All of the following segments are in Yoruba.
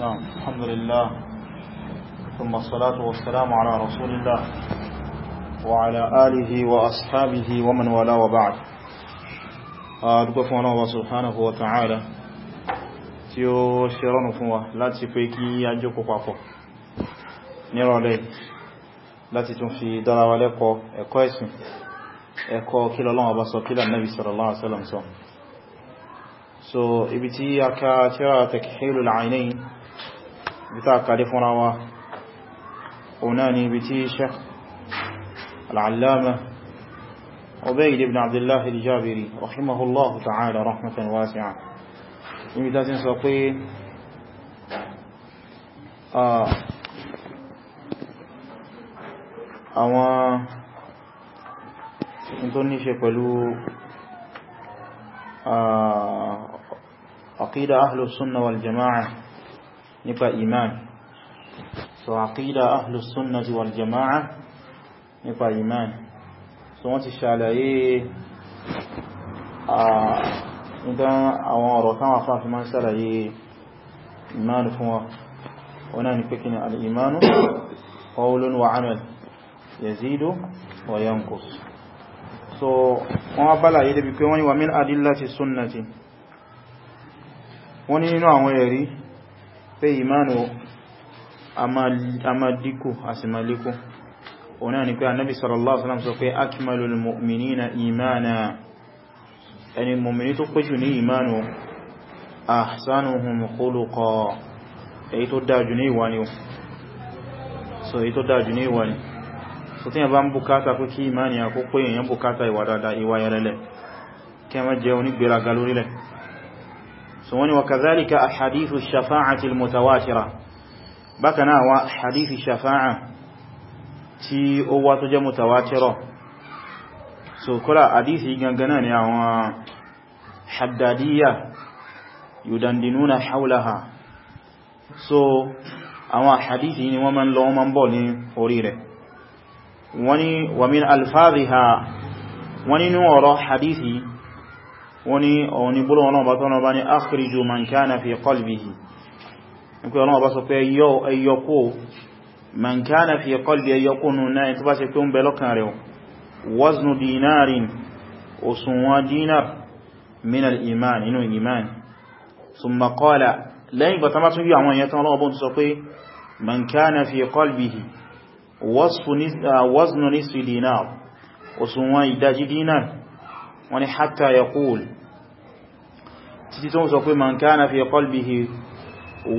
نعم الحمد لله ثم الصلاة والسلام على رسول الله وعلى آله وأصحابه ومن والاه وبعد أدقفنا الله سبحانه وتعالى tí ó ṣẹ́rọ̀nù fún wa láti pé kí a jókòó papọ̀ nírọ̀lẹ́ láti tún fi dára wa lẹ́kọ̀ọ́ ẹ̀kọ́ ẹ̀sìn ẹ̀kọ́ kí l'Ọlọ́run bá sọ kí l'Ànábì sallallahu alaihi wasallam sọ so ibi tí a ká tírà Takhīlul 'Aynayn بتاع كاليفون روا وناني بتي شيخ العلامة عبيد بن عبد الله الجابري رحمه الله تعالى رحمة واسعة ومتازن سوقين àwọn tó ní ṣe pẹ̀lú àkídà ahlus sunna wal jama'a nípa iman so àkídà ahlus sunnati wal jama'a nípa iman so wọ́n ti ṣàlàyé ìdán àwọn ọ̀rọ̀ táwọn afáfí máa ń ṣàlàyé imanu fún wa wọ́n ni pé kíni al'imanu qawlun wa amal yazidu wa yanqus so wọ́n bá láyé débi pé wọ́n ni wa min adillati sunnati wọ́n ni nínú àwọn pé ìmánu a ma díkù a sì ma lékù ọ̀nà ni pé annabi sallallahu alaihi wasallam sọ pé akmalul mu'minina imana ẹni mu'mini tó pẹ́jù ní ìmánu ahsanuhum khuluqa èyí tó dájú ní ìwà ni so èyí tó dájú ní ìwà ni so tí yẹn bá ń bukata pé kí ìmáni àkókò èyàn bukata ìwà dáadáa ìwà yẹrẹlẹ kí so wani wa kazalika a hadithu shafa'atil mutawatira bákan náà wa hadithi shafa'a tí ó wá tó jẹ́ mutawatira so kọ́lá hadithi gangana ni àwọn haddadiyya yudandinuna haulaha so àwọn hadithi ni wọ́n man lọ wọ́n bọ̀ ní orí rẹ̀ wani wa min alfaziha wani nínú ọ̀rọ̀ wọ́n ní ọ̀wọ́n ní bọ́lọ̀ tọ́nà bá ní akhriju man kana fi qalbihi nípa ọlọ́ọ̀bá sọ pé ẹyọkó man kana fi qalbi ẹyọkó nù náà tó bá ṣe pé ń bẹ lọ́kàn rẹ̀ waznu dinarin òsùnwọ́n dinar min iman inú iman summa qala lẹ́yìn títí tó ń sọ pé man kana fi qalbihi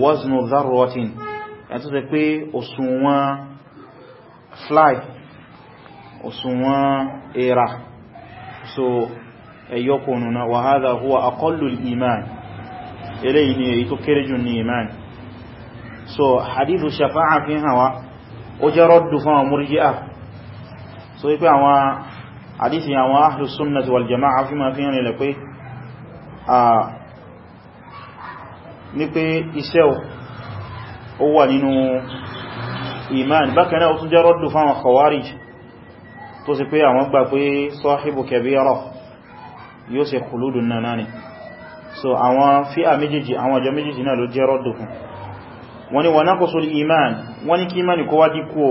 waznu dharratin ẹni tó sọ pé òṣùwọ̀n fly òṣùwọ̀n era so ẹ̀yọkùnù na wa hadha huwa aqallu al-iman eléyìí ni èyí tó kéré jù ní iman so hadithu shafa'a fi hawa ó jẹ́ rọ́dù fún àwọn murji'ah so wípé àwọn hadithi àwọn ahlus sunnah wal jama'a fi ma fi hàn ilẹ̀ pé ní pé iṣẹ́ ó wà nínú iman bákan náà ó tún jẹ́ rọ́dù fáwọn khawarij tó sì pé àwọn gbà pé sahibu kabira yóò ṣe khuludun náà ni so àwọn fíà méjèèjì àwọn ọjọ́ méjèèjì náà ló jẹ́ rọ́dù fún wọ́n ni wa naqsul iman wọ́n ni kí imani kó wá díkú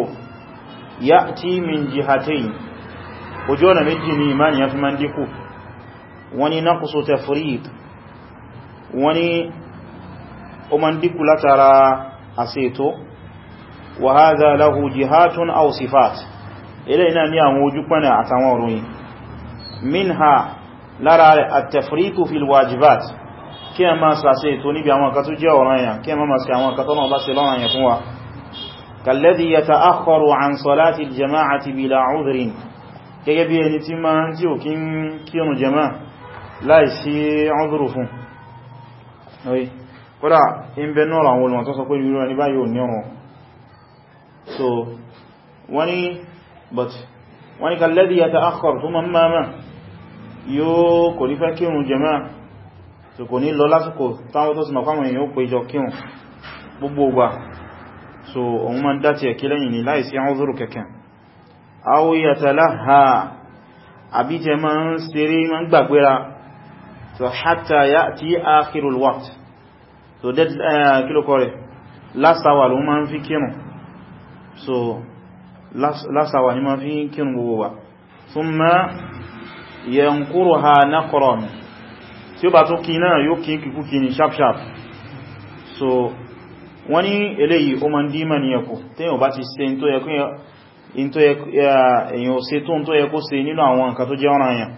ya'ti min jihatayn ojú ọ̀nà méjì ó ma ń dínkù látara àṣètò wa hadha lahu jihatun aw sifat ilẹ̀ iná ní àwọn ojú pẹ́nà àtàwọn òròyìn minha lára at-tafriqu fil wajibat kí a máa sàṣètò níbi àwọn kan tó jẹ́ ọ̀ranyàn kí a máa sàṣe fún wa kódà in bẹ náà àwọn olùmọ̀ tó sọ pé irú ẹni báyìí ò ní ọ̀run so wọ́n ni but wọ́n ni kalladhi yata'akhkhar thumma mama yóò kò ní fẹ́ kírun jàmáà so kò ní lọ lásìkò táwọn tó sì mọ̀ fáwọn èèyàn ó pè jọ kírun so òun ma ń dá ti ẹ̀kí lẹ́yìn ní láìsí àwọn zúrù kẹ̀kẹ́ so hatta ya'ti akhirul waqt so that uh, kilo kore. last hour ló máa ń fi kírùn so last, last hour ni máa fi kírùn gbogbo wa thumma yanquruha naqran tí ó bá tó kí náà yóò kí kíkú kí ni sharp sharp so wani ní eléyìí ó máa ń dímà ní ẹkù téèyàn bá ti ṣe in tó yẹ kó ṣe nínú àwọn nǹkan tó jẹ́ ọ̀ranyàn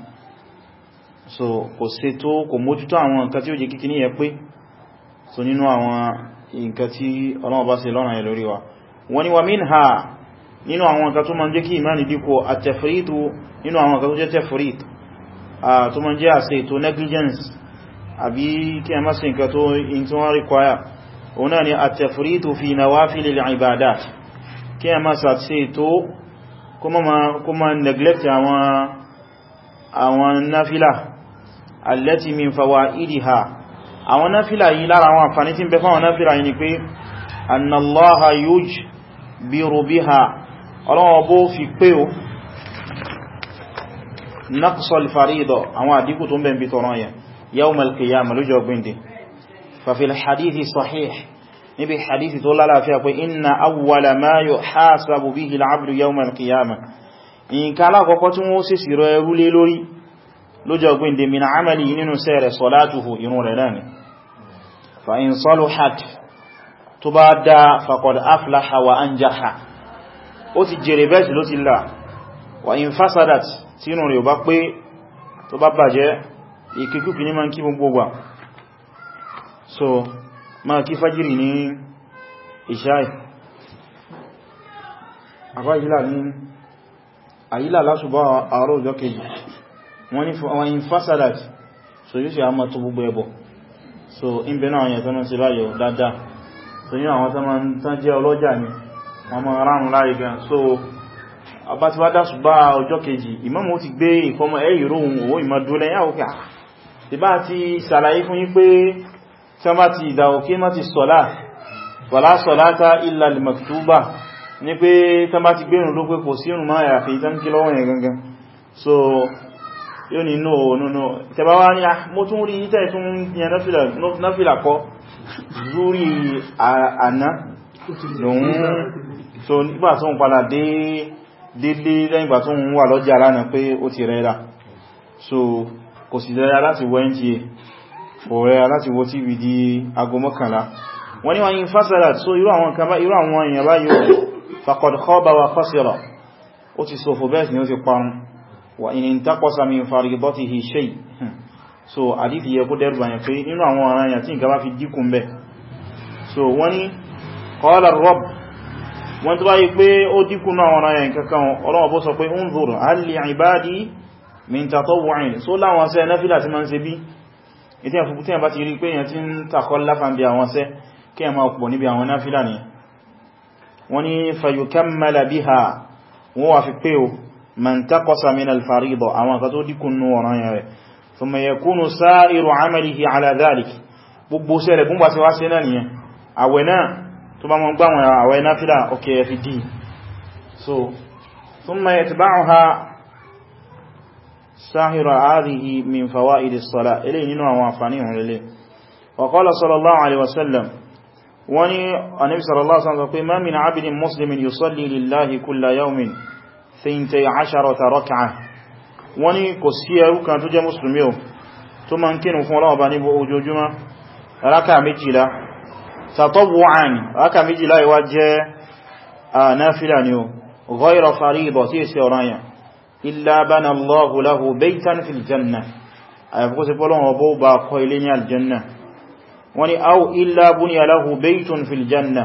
so kò ṣe tó kò mójútó àwọn nǹkan tí ó jẹ́ kíkí ní ẹ pé so nínú àwọn nǹkan tí Ọlọ́run bá ṣe lọ́ràn yẹn lórí wa wọ́n ni wa minha nínú àwọn nǹkan tó máa ń jẹ́ kí ìmáni díkò àtẹ̀fìrìtù nínú àwọn nǹkan tó jẹ́ tẹ̀fìrìtù tó máa ń jẹ́ àṣẹ negligence àbí kí a má ṣe nǹkan in tí require òun ni àtẹ̀fìrìtù fi nawafilil ibadat kí a má ṣe ètò kó má neglect àwọn náfílà allati min fawaidiha àwọn náfílà yìí lára àwọn àǹfàní tí ń bẹ fáwọn náfílà yìí ni pé annallaha yuj bí rubiha ọlọ́wọ́ bó fi pé o naqsal faridọ àwọn àdíkù tó ń bẹ̀ ń bí tọrọ yẹn yawmal qiyamah lójọ gbíndì fàfil hadithi sahih níbi hadithi tó lálàáfíà pé inna awwala ma yuhasabu bihi al-abdu yawmal qiyamah nǹkan alákọ̀ọ́kọ́ tí wọ́n sì sírọ ẹrú lé lórí lójọ gbíndì min amali nínú sẹ́rẹ̀ salatuhu irun rẹ̀ náà fa'in saluhat tó bá dá faqad aflaha wa anjaha ó ti jèrè bẹ́ẹ̀sì ló ti là wa in tí inú rẹ̀ bá pé tó bá bàjẹ́ ìkìkúkì ní ma kí gbogbo gbà so ma kí fajiri ní ìṣáì àbá ìlà ní àyílà lásùbá àárọ̀ ọjọ́ kejì wọ́n ni fa'in so yíò sì a tó gbogbo ẹbọ̀ so in bẹ náà yẹn tọ́nà sí báyọ̀ dada, so yíò àwọn tọ́nà tán jẹ́ ọlọ́jà ni wọ́n mọ́ ránun láì gan so ọba ti wá dásù bá ọjọ́ kejì ìmáàmù ó ti gbé ìfọmọ́ ẹ̀yì rohun owó ìmọ̀dúnlẹ̀ yàwó kí ìbá ah, ti sàlàyé fún yín pé tí wọ́n ti ìdà òkè má ti sọ̀lá wàlá sọ̀láta illa al-maktuba ní pé tí wọ́n ti gbérùn ló pé kò sírùn máa yàfẹ́ ìtànkí lọ́wọ́ yẹn gangan so yóò ní no no no tẹba wá ní ah, mo tún rí ìtẹ́ tún yẹn náfìlà kọ́ lórí àná lòun so nígbà tó ń padà dé délé lẹ́yìnbà tó ń wà lọ́jà lánàá pé ó ti rẹ́ra so kò sì rẹ́ra láti wọ nta kò rẹ́ra láti wọ tv di ago mọ́kànlá wọ́n ní wọ́n yí fásẹ̀lá so irú àwọn kan bá irú àwọn èèyàn bá yóò faqad khaba wa khasira ó ti sòfò bẹ́ẹ̀ sì ni ó ti parun wà ní ìntàkọsà mi faridatihi shay hmm. so àdífì yẹ kó dẹ́rù bàyàn pé nínú àwọn ara yà tí ìgbà fi díkù mẹ́ so wọ́n ni qala ar-rabb wọ́n tó bá yí pé ó díkù náà àwọn ara yà so láwọn sẹ́ náfílà ti ma ń ṣe bí wọ́n ni fayukammala biha wọ́n wà fi pé o man taqasa min al-fariida àwọn kan tó dínkù nú ọ̀ràn yẹn rẹ̀ thumma yakunu sa'iru 'amalihi 'ala dhalik gbogbo sẹ́rẹ̀ gúngbà sí wá sí náà nìyẹn àwẹ̀ náà tó bá mọ́ gbáwọn àwẹ̀ náà fílà ọkẹ̀ ẹ̀fì dì so thumma yatba'uha sáhìrọ̀ àádìí min fawa'idi sọ́lá ilé nínú àwọn àǹfààní ìhùn lélẹ̀ wa qala sallallahu alaihi wasallam wani annabi sallallahu alaihi wasallam ma min 'abdin muslimin yusalli lillahi kulla yawmin ثينتي عشرة ركعة وني قسيا وكان تجا مسلميو ثم انكن فولا بني بوجوجما ركعة مجلا تطوعا ركعة مجلا يوجه نافلا نيو غير فريضة يسيرايا إلا بنى الله له بيتا في الجنة أيفقوا سيقولون وبوبا قيلين الجنة wọ́n ni au illa buniya lahu baytun fil janna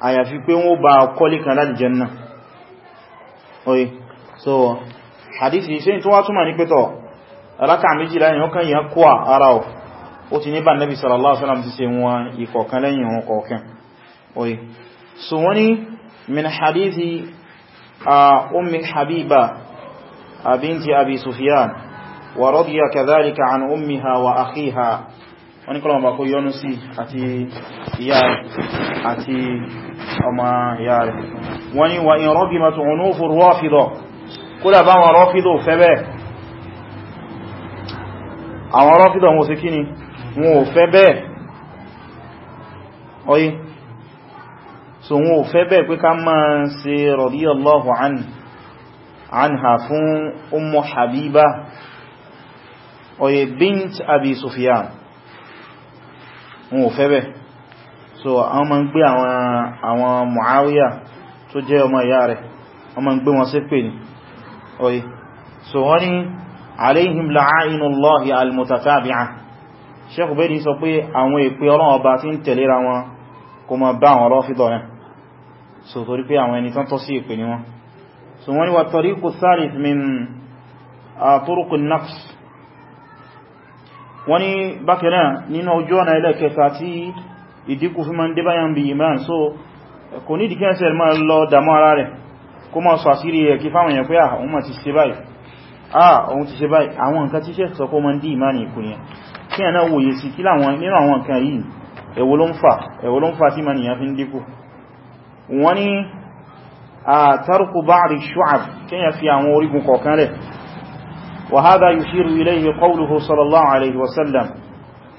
àyàfi pé wọ́n bá kọ́lé kan láti janna oye so hadithi ṣe tó wá túnmà ní pẹ́tọ̀ rákà méjì láyìn ó kàn yàn kó ara ọ̀ ó ti níbà nẹ́bí sallallahu alaihi wasallam ti ṣe wọn ìkọ̀kan lẹ́yìn wọn kọ̀ọ̀kan oye so wani min hadithi a ummi habiba binti abi sufyan wa radiya kadhalika an ummiha wa akhiha wani kọlọmọ bako yọnu sí àti ìyá àti ọmọ ìyá rẹ̀ wọ́n ni wà in rọ́bí mọ̀tún ònú fún rọ́fìdọ̀ kódà bá wọn rọ́fìdọ̀ fẹ́ bẹ́ẹ̀ àwọn rọ́fìdọ̀ wọn sí kíni wọn ò fẹ́ bẹ́ẹ̀ ọyí so wọn ò fẹ́ bẹ́ẹ̀ pé ká máa ṣe radiyallahu anha so àwọn ma ń gbé àwọn Muawiya tó jẹ́ ọmọ ìyá rẹ̀ wọ́n ma ń gbé wọn ṣépè ní oye so wọ́n ni alayhim la'ainullahi al-mutatabi'a Sheikh Ubaydi sọ pé àwọn èpè Ọlọ́run Ọba tí ń tẹ̀léra wọn kó ma bá àwọn Rāfidah yẹn so torí pé àwọn ẹni tán tọ́ sí èpè ní wọn so wọ́n ni wa tariqu thalith min turuqi naqs wọ́n ni bákanáà nínú ojú ọ̀nà ẹlẹ́kẹta tí ìdíkù fi ma ń débáyàn bí iman so kò ní ìdíkẹ́ ṣe ma lọ dámọ́ ara rẹ̀ kó ma sọ àsírí rẹ̀ kí fáwọn èèyàn pé àwọn ah, ma ti ṣe báyìí ah ohun ti ṣe báyìí àwọn nǹkan tí ṣe sọ kó ma ń dí iman ìkù yẹn kí ẹ̀ náà wòye sí kí láwọn nínú àwọn nǹkan yìí èwo ló ń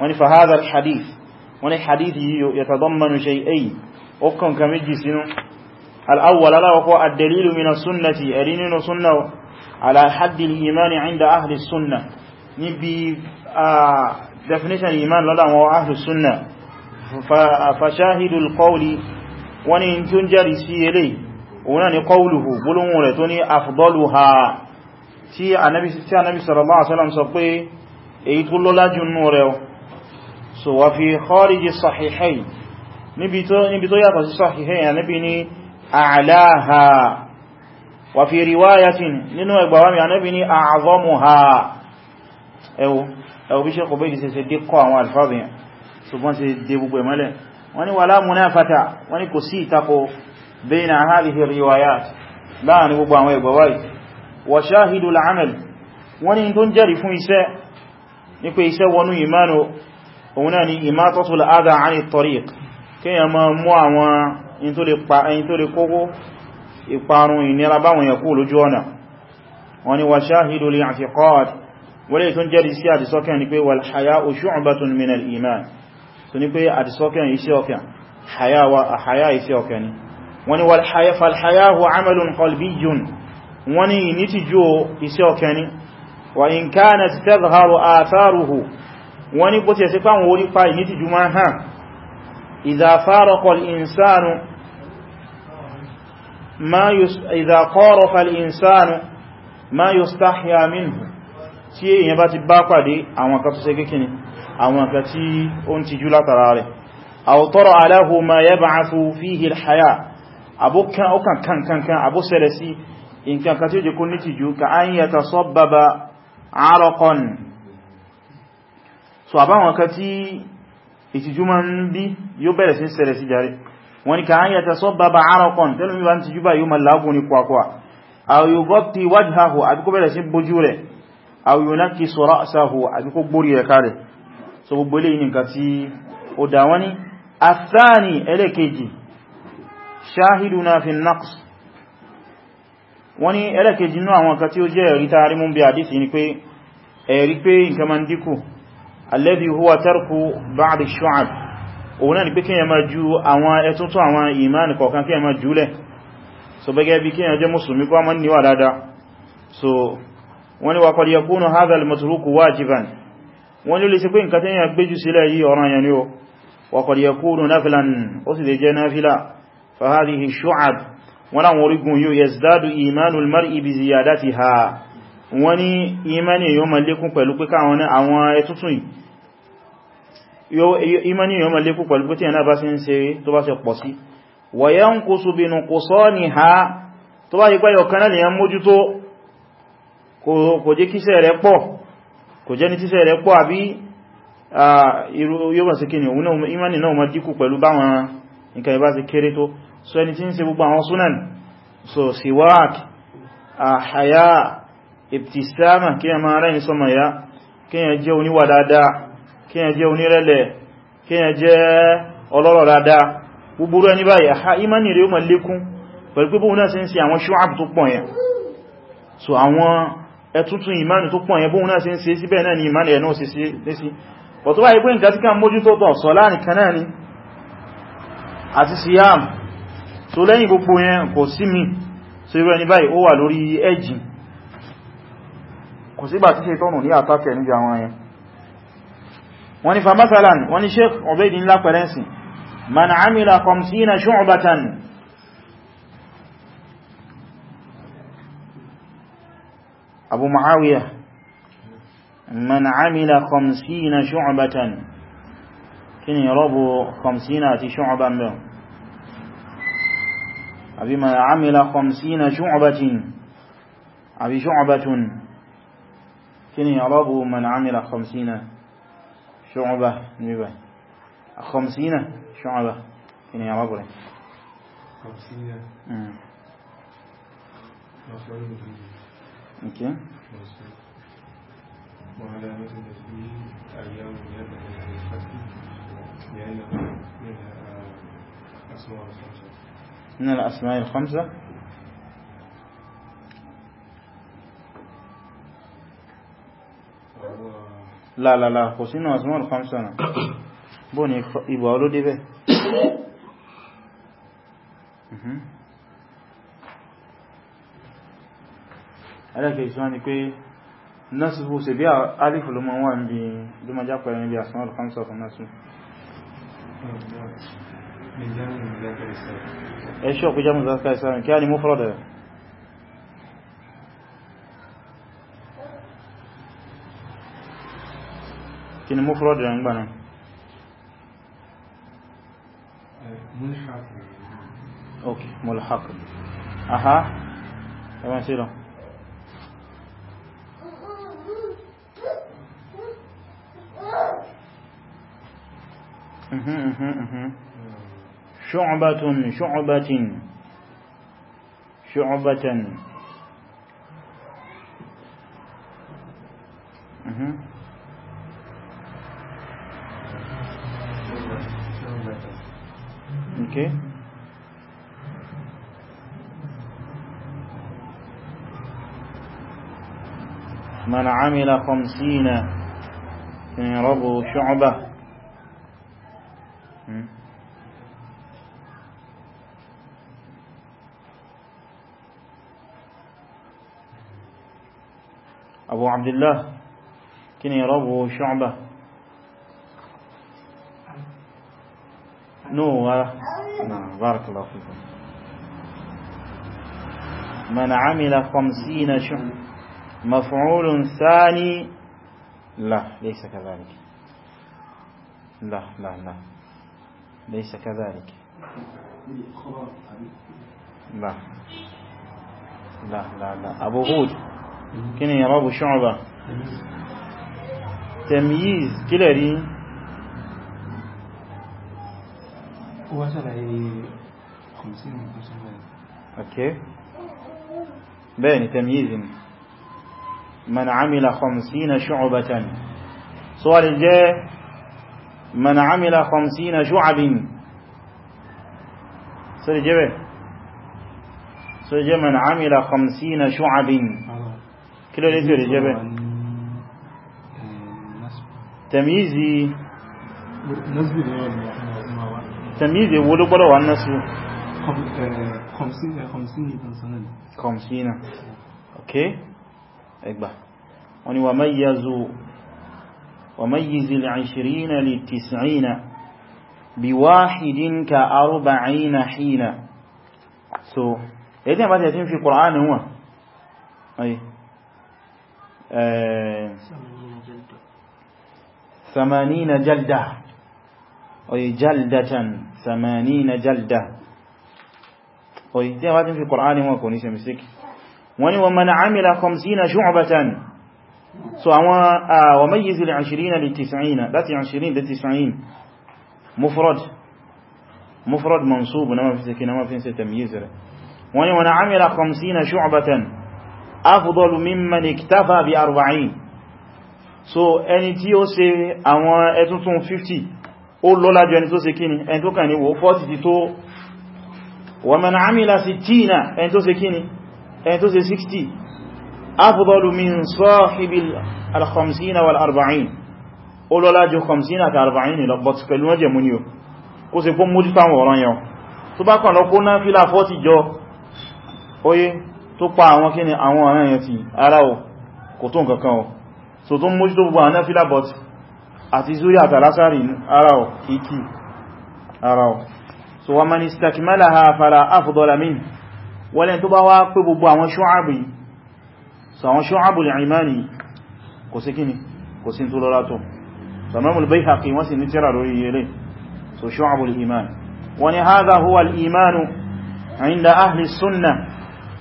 wọ́n ní fahadar hadith wọ́n ní hadith yìí ya tadammanu shay'ayn ó kàn ka méjì sínú al'awwal aláwọ̀kọ́ ad-dalilu min as-sunnati ẹ̀rí nínú sunna ala haddi al-imani 'inda ahli sunna níbi definition iman lọ́dọ̀ àwọn ahli sunna fa shahidu al-qawli wọ́n ní tí ó ń jẹ́rìí sí eléyìí òun náà ni qawluhu gbólóhùn rẹ̀ tó sallallahu alaihi wasallam sọ pé èyí tó lọ́lá jù nínú so wà fi kharij sahihayn níbi tó yàtọ̀ sí sahihayn Ànábì ní a'laha wà fi riwayatin nínú ẹgbàwàmí Ànábì ní a'zamuha ẹwọ ẹwọ bí ṣe kò bẹ́ ìdíṣẹ́ dé kọ àwọn alfáàbìyàn ṣùgbọ́n sí dé gbogbo ẹ̀mọ́lẹ̀ wọ́n ní wala munafata wọ́n ní kò sí ìtakò bayna hadhihi riwayat láàrin gbogbo àwọn ẹgbàwàí wa shahidul amal wọ́n ní tó ń jẹ́rìí fún iṣẹ́ ní pé iṣẹ́ òun náà ni imatatul adha 'ani at-tariq kíyàn máa mú àwọn in tó lè kókó ìparun ìnira báwọn yẹ̀kú lójú ọ̀nà wọ́n ni wa shahidu li i'tiqad wọ́lé tó ń jẹ́ sí àdìsọ́kàn ni pé wal haya'u shu'batun min al-iman tó ní pé àdìsọ́kàn iṣẹ́ ọkàn haya wọ́n ní bó ti ẹ̀sẹ̀ fáwọn orí pa ìní ti jùmọ́ hàn ìdàkọ́rọ̀fà ìsánu ma yustahya minhu tí èyàn bá ti bá pàdé àwọn kan tó ṣe kékíní àwọn kan tí ó ń ti jú látara rẹ̀ àwòtọ́rọ̀ aláhù ma yab'athu fihi al-haya abokan ọkàn so àbáwọn kan tí ìtìjú ma ń bí yóò bẹ̀rẹ̀ sí ṣẹlẹ̀ sí jàre wọ́n ni ka an yàtà sọ bàbá arakon tẹ́lú mi bá ń tìjú bá yóò ma lágún ní kwakwa àwòyògọ́tí wájúháhù àbíkó bẹ̀rẹ̀ sí bójú rẹ̀ àwòyònáki sọ̀rọ̀ sáhù àbíkó gbórí so gbogbo ilé yìí nǹkan tí ó dá wọ́n ni àtàní ẹlẹ́kejì ṣáhìdúna fi naqs wọ́n ni ẹlẹ́kejì nínú àwọn ẹ̀rí pé nǹkan ma ń dínkù alladhi huwa tarku ba'd ash-shu'ab òun náà ni pé kí ẹ máa ju àwọn ẹtúntún àwọn ìmáni kọ̀ọ̀kan kí ẹ máa jùlẹ̀ so bẹ́gẹ́ bí kí ẹ jẹ́ musulmi kọ́ mọ́n níwà dáadáa so wọ́n ni wa qad yakunu hadha al-matruku wajiban wọ́n ni ó lè ṣe pé nǹkan tí yẹn gbéjù sílẹ̀ yìí ọ̀ràn yẹn ni ó wa qad yakunu nafilan ó sì lè jẹ́ nafila fa hadhihi ash-shu'ab wọ́n láwọn yóò yazdadu imanu al-mar'i bi ziyadatiha wọ́n ní imani yóò máa lékún pẹ̀lú pé káwọn àwọn ẹtútù yìí imani yóò máa lékún pẹ̀lú pé tí ẹ̀nà bá sí ń ṣe tó bá ṣe pọ̀ sí wa yanqusu bi nuqsaniha tó bá yípa yọ̀kan náà lèyàn mójútó kò jẹ́ kíṣẹ́ rẹ̀ pọ̀ kò jẹ́ ni imani náà máa so ẹni tí ń ìbtìsáàmà kí a máa rẹ́ni sọmọ ya kí a jẹ́ oníwà dáadáa kí a jẹ́ onírẹ̀lẹ̀ kí a jẹ́ ọlọ́rọ̀ dáadáa gbogbo ẹni báyìí ha imani rẹ̀ o ma lékún pẹ̀lú pé bóhun náà sí so àwọn ẹtútún imani tó pọ̀ yẹn bóhun imani ẹ̀ náà sí sí ọ̀tọ́ báyìí pé nǹkan tí ká ni àti siyam so lẹ́yìn gbogbo yẹn mi so irú ẹni báyìí ó wà ẹ̀jìn kò sígbà tí ṣe tọ́nù ní àtàkẹ̀ níbi àwọn ẹ̀yẹn wọ́n ni famasalan wọ́n ni sheikh obaidi ńlá pẹ̀rẹ́nsì man amila khamsina shu'batan abu ma'awiya man amila khamsina shu'batan kí ni rọ́bù khamsina àti shu'ban mẹ́rin àbí man amila khamsina shu'batin àbí shu'batun كن ni من عمل خمسين شعبة ṣùgbà خمسين شعبة كن kí خمسين ọlọ́bù rẹ̀ وعلامة التسبيح أيام نيابة الفتح لأن الخمسة من الأسماء الخمسة lálàlà kò sínú asmọ́l khamsana bó ní ìbò olóde bẹ́ mm-hmm. ẹlẹ́kẹ̀ẹ́ ìṣọ́ ni pé nasibu ṣe bí alifu ló máa wà ń bí ló máa jápa ẹni bí asmọ́l khamsana fún nasibu mm-hmm. ẹ̀ṣọ́ pé jámù zaka ìsáàmì kí a ni mú fọ́lọ̀dẹ̀ kí ni mufrad rẹ̀ ń gbà náà ok mulhaq aha ẹwọ́n sí lọ شعبة شعبة شعبة من عمل خمسين ربو شعبة أبو عبد الله كني ربو شعبة نو بارك الله فيكم من عمل خمسين شعبة مفعول ثاني لا ليس كذلك لا لا لا ليس كذلك لا لا لا لا أبو هود كنا يا أبو شعبة تمييز كلاري وصل خمسين اوكي بين تمييز من عمل خمسين شعبة سؤال جاء من عمل خمسين شعب سؤال جاء سؤال جاء من عمل خمسين شعب كله ليس سؤال جاء تمييزي تمييزي ولو بلو عن نسبه خمسين خمسين خمسين خمسين اوكي ẹgbà wọ́n ni wa mayyizi al-ishrina lit-tis'ina bi wahidin ka arba'ina hina so èyí tí a bá tẹ̀ fi Kùránì wọn ayi ثمانين جلدة أي جلدة ثمانين جلدة أي دي ما في القرآن ما كوني سمسك wọ́n ni wọ́n mana amila khamsina shu'batan so àwọn wa mayyiz al-'ishrina lit-tis'ina láti 'ishrina lit-tis'in mufrad mufrad mansub na mafi sake na mafi sai tamyiz rẹ̀ wọ́n ni wọ́n amila khamsina shu'batan afdalu mimman iktafa bi arba'in so ẹni tí ó ṣe àwọn ẹtuntun 50 ó lọ́lá jù ẹni tó ṣe kíni ẹni tó kàn ní wo 40 tó wọ́n mẹ́nà àmìlà 60 ẹni tó ṣe kíni ẹni tó ṣe 60 afdalu min sahibil al-khamsina wal-arba'in olólájú 50 àti 40 lọ but pẹ̀lú wọ́n mú ní o kó se kó mójú táwọn ọ̀rọ̀ yẹn tó bá kànlọ kó náà fílà 40 jọ oye tó pa àwọn kíni àwọn ọ̀rọ̀ yẹn ti ara o kò tó nǹkankan o so tó mójú tó gbogbo àwọn náà fílà but àti zuri àtàlásàrí ara o kìí ara o so wa man istakmalaha fala afdala wọ́n lẹ́n tó bá wá pé gbogbo àwọn ṣọ́ábì so àwọn ṣọ́ábì al-imani kò sí kíni kò sí tó lọ́lá tó so Imam al-Bayhaqi wọ́n sì ní tírà lórí ilé so ṣọ́ábì al-imani wọ́n ni huwa al inda ahli sunna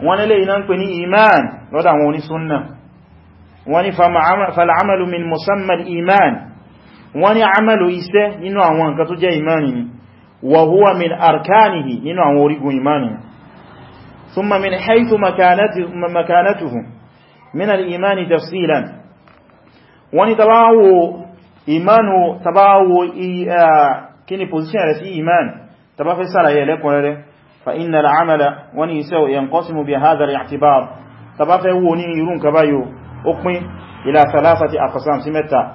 wọ́n ilé iná pè ní iman lọ́dọ̀ àwọn oní sunna wọ́n fal'amalu min musamman iman wọ́n amalu iṣẹ́ nínú àwọn nǹkan tó jẹ́ imani ni wa huwa min arkanihi nínú àwọn orígun imani ni ثم من حيث مكانته من الإيمان تفصيلا ونتباو إيمان تباو كني بوزيشن رسي إيمان تباو في سارة يليكو فإن العمل ونيسو ينقسم بهذا الاعتبار تباو في وني يرون كبايو أقمي إلى ثلاثة أقسام سمتا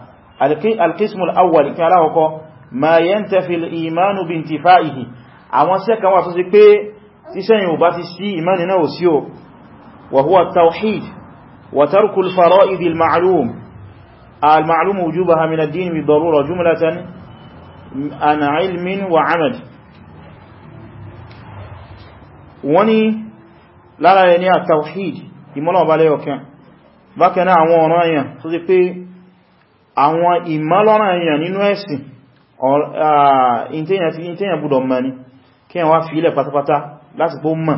القسم الأول كالاوكو ما ينتفي الإيمان بانتفائه أولا سيكا واسوسي بيه sísẹ́yìn ò bá ti sí ìmáni náà sí o wa huwa tawhid wa tarku al-fara'id al-ma'lum al-ma'lum wujubaha min ad-din bi darura jumlatan an ilmin wa 'amal wani lára rẹ̀ ní at-tawhid ìmọ́lọ̀ ọba lẹ́yọ̀kẹ́ bákan àwọn ọ̀rọ̀ èèyàn tó ti pé àwọn ìmọ́lọ́rọ̀ èèyàn nínú ẹ̀sìn ìntẹ́yàn gbọ́dọ̀ mọ̀ kí wọ́n fi ilẹ̀ pátápátá láti pó mọ̀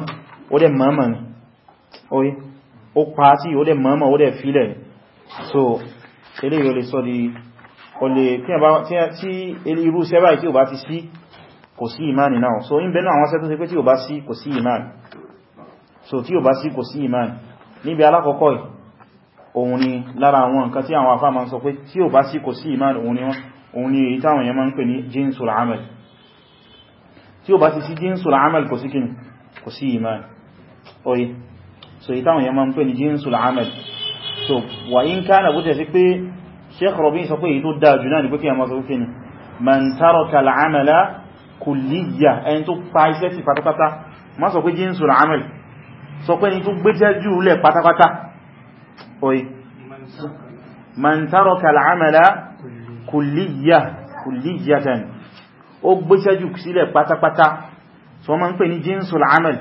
ó dẹ̀ mọ̀mọ̀ ni oye ó pa tí ó dẹ̀ mọ̀mọ̀ ó dẹ̀ fílẹ̀ ni so ilé yóò lè sọ di olè tí irú sẹ́bà tí ò bá ti sí kò sí ìmáni náà so in bẹ̀rẹ̀ àwọn sẹ́tọ́ sí pé tí ò bá sí kò sí ìmáni so tí ò bá sí kò sí ìmáni níbi alákọ̀ọ́kọ́ òun ni lára àwọn nǹkan tí àwọn afá ma ń sọ pé tí ò bá sí kò sí ìmáni òun ni èyí táwọn yẹn máa ń pè ní jinsul amal tí ó bá ti sí jinsul amal kò sí kìnnì kò sí iman oye so ìtàwọn yẹn ma ń pè ní jinsul amal so wà yí ń ká na bútẹ̀ sí pé sheikh robin sọ pé èyí tó dáa jù náà ni pé kí a masu rúfin man taraka al'amala kulliya ẹni tó pa iṣẹ́ ti pátápátá ma sọ pé jinsul amal sọ pé ni tó gbéjẹ́ jù lẹ̀ pátápátá oye man taraka al'amala kulliya kulliyatan ó gbéjẹ́ jù sílẹ̀ pátápátá so ma ń pè ní jinsul amal